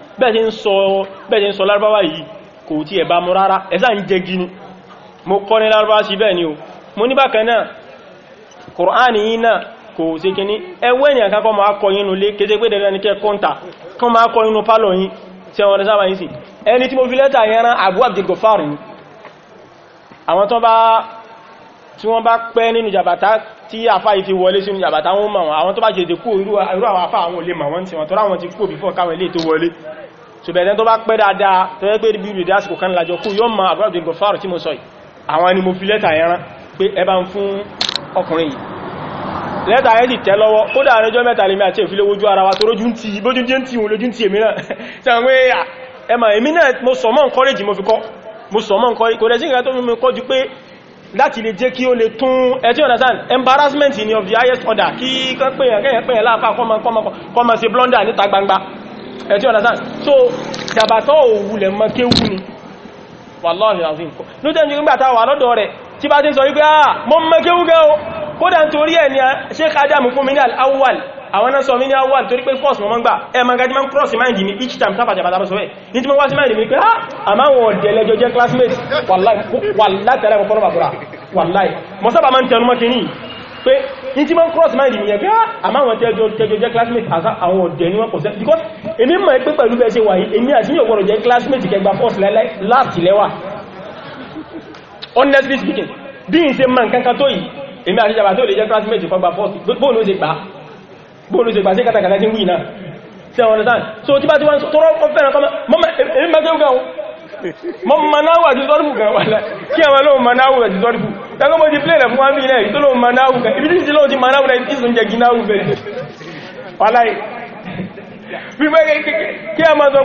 bẹ́ẹ̀ ṣe ń sọ lárúbáwá yìí kò tí ẹ̀ bá mú rárá ẹ̀sà ń jẹ gini mo kọ́ ní lárúbáwá sí bẹ́ẹ̀ ni o mo ní bákan náà kùránì yìí náà kò sí kíní ẹwẹ́ ni àkọ́kọ́ ma kọ yínú lé kété pé dandan ní kẹ́ kọ́ntà kọ́ ma kọ yínú pálọ̀ tí mo fi lẹ́tà yẹn rán Abu Abdul Ghaffar ni àwọn tí wọ́n bá pẹ́ nínú jàbàtà tí àfá ìfi wọlé sínú jàbàtà wọn mọ̀ àwọn tó bá jẹ́ ìdẹ̀kú irú àwọn àfá àwọn olè mọ̀ wọ́n tí wọ́n tọ́ra wọn ti kú òbí fọ́ káwọn ilé tó wọlé ṣùgbẹ̀ẹ́dẹ́ tó bá pẹ́ dáadáa tó yẹ́ pé ibi ìrìdá àsìkò kan lájọ kú yóò ma àbúrò àbdìl gọfàrù tí mo sọ yìí àwọn ẹni mo fi lẹ́tà yẹn rán pé ẹ bá ń fún ọkùnrin yìí lẹ́tà yẹn sì tẹ́ lọ́wọ́ kódà àrẹjọ́ mẹ́ta lèmi àti èfilé wojú ara wa tó lójú ń ti bójú tí ń ti òun lójú ń ti èmi náà sẹ́wọ̀n pé ẹmà èmi ni of ẹ ti understand so jàbàtọ̀ òwúlẹ̀ mọ́ kéwú ni wàláhì àfihàn ló jẹ́ nígbà táwà lọ́dọ̀ rẹ̀ tí bá ti sọ wípé àà ah, mọ́ mẹ́kéwú gẹ́ o kódà ń torí ẹ̀ ni ah, Sheikh Adam fún mi ní al-awwal àwọn náà sọ mi ní awwal torí pé cross mọ́ gbà ẹ ma gajima cross mind mi each time tápà jàbàtà bá sọ ní tí mọ́ wá sí mind mi pé ha ah, àmá wọn ọ̀dẹ̀ lẹ́jọ jẹ́ classmate wàláì tẹ́lẹ̀ mọ́ fọ́nà bàbúrà mọ́ sábà máa ń tẹnu mọ́ kìíní pé ní tí ma ń cross mind mi yẹ pé ah, àmá àwọn tẹ́jọ tẹ́jọ jẹ́ classmate àwọn ọ̀dẹ̀ ni wọ́n kọ̀ sẹ́ because èmi mọ̀ pé pẹ̀lú bẹ́ẹ̀ ṣe wà yìí èmi àti yíò gbọ́rọ̀ jẹ́ classmate kẹgbà first last lẹ́wà honestly speaking bí n ṣe mọ̀ nǹkan kan tó yìí èmi àti jàbà tó lè jẹ́ classmate kọgbà first bóòlù ó ṣe gbà bóòlù ó ṣe gbà sí kátàkátà tí ń wí náà mọ́ manáwù àti zọ́rùfù gan wà láì kí àwọn olóhun manáwù àti zọ́rùfù tẹ́gbọ́n mo ti plẹ̀lẹ̀ fún wọn ilẹ̀ ìtò manáwù gan ibi títí lóhun ti manáwù náà tí ìsúnjẹ gínáwù bẹ̀rẹ̀ wà o bí ẹja wọ́n tó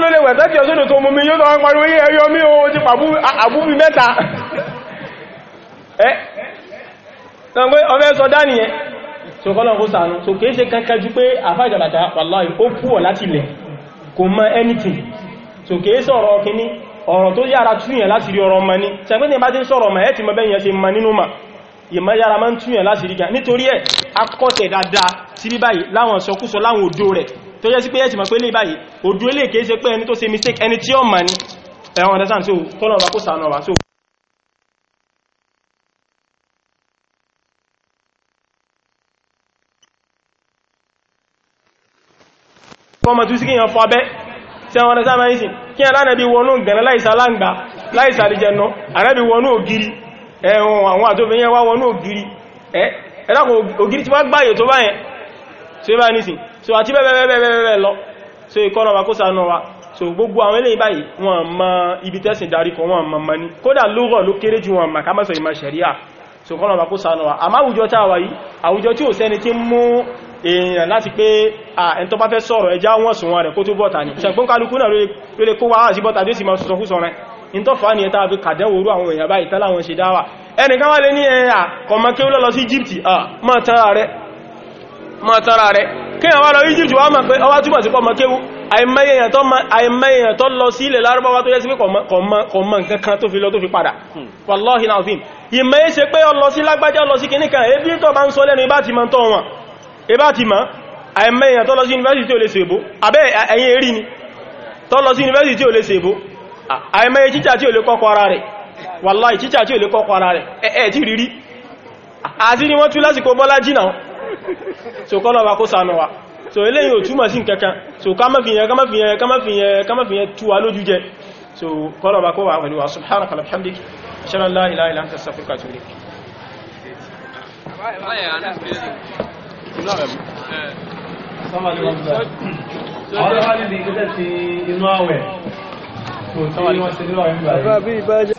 wẹ̀ tẹ́tì tó mú mi yóò ẹyọ o ti pàbú pé ọfẹ́ sọ dánìyẹn so kọ́lọ̀ kó sàánú so kìí ṣe kankan jú pé àfá ìjàbàtà wàláì ó púọ̀ láti ilẹ̀ kò mọ anything so kìí sọ̀rọ̀ kìíní ọ̀rọ̀ tó yára túyàn láti rí ọ̀rọ̀ ma ní sẹ́gbẹ́sẹ̀ bá ti ń sọ̀rọ̀ ma ẹ́ ti mọ bẹ́yìn ṣe ma nínú ma ìmọ̀ yára ma ń túyàn láti rí ga nítorí ẹ̀ akọ́sẹ̀ dáadáa sí bí báyìí láwọn mistake ẹni tí ó ma ní ẹ̀wọ̀n understand wọ́n mọ̀ tún sí kíyàn fọ́bẹ́ tí àwọn ọ̀nà sáàmà ìsìn kí alánàbí wọnú gẹ̀rẹ̀ láìsà láǹgbà láìsà lè jẹnu àrẹ́bí wọnú ògiri ẹ̀hùn àwọn àtòbìnrin wá wọnú ògiri ẹ̀dàkùn ògiri ti wá gbáyè tó báyẹn tí ó bá nìsìn so àti bẹ́ẹ̀bẹ́ẹ̀bẹ́ẹ̀ lọ so ìkọ́nà wa kó sànà wa so gbogbo àwọn eléyìí báyìí wọn mọ ibi tẹ́sìn darí kan wọn mọ mọ ní kódà lórọ̀ ló kéré ju wọn mọ ká mọ́sọ̀ ìmọ̀ ṣẹ̀ríà so kọ́nà wa kó sànà wa àmáwùjọ tá a wáyí àwùjọ tí ò sẹ́ni tí èèyàn láti pé ẹn tó bá fẹ́ sọ̀rọ̀ ẹjá wọ́n sùn wọn rẹ̀ kó tó bọ́ta ní ṣẹ̀gbọ́n kálukú náà ló lè kó wá sí bọ́ta dé sí ma sọ fúsọ rẹ̀ in tó fà ní ẹta àfi kàdẹ́wò orú àwọn èèyàn báyìí tẹ́lá wọn ṣe dáwà ẹnìkan wá lé ní ẹ̀yà kọ̀mọ̀ kí ó lọ sí pé ọwá hmm. wallahi náà fi ìmẹ́ ṣe pé ó lọ sí lágbájá ó lọ sí kìnnìkan ebi tó bá ń sọ lẹ́nu ibá ti mọ́ tọ́ wọn ẹbá ti ma àìmẹ́ èèyàn tó lọ sí university tí ó lè ṣèbó abẹ́ ẹ̀yìn èrí ni tó lọ sí university tí ó lè ṣèbó àìmẹ́ tíṣà tí ó lè kọ́kọ́ ara rẹ̀ wàláì tíṣà tí ó lè kọ́kọ́ ara rẹ̀ ẹ̀ẹ́ tí rírí àti ni wọ́n tú lásìkò bọ́lá jìnà so kọ́nà wa kó sànà wa so eléyìn ò túmọ̀ sí nkankan so kámọ́fìyàn kámọ́fìyàn kámọ́fìyàn kámọ́fìyàn tú wa lójú jẹ so kọ́nà wa kó wà pẹ̀lú wa subhanaka alhamdik ṣẹlẹ̀ láìláìlá ń tẹ́sàfíkà tó rí àwọn ọmọ alẹ́ nìkan tẹ̀ sí inú àwẹ̀ tó tí wọ́n ti nílò àwọn ìgbà yìí.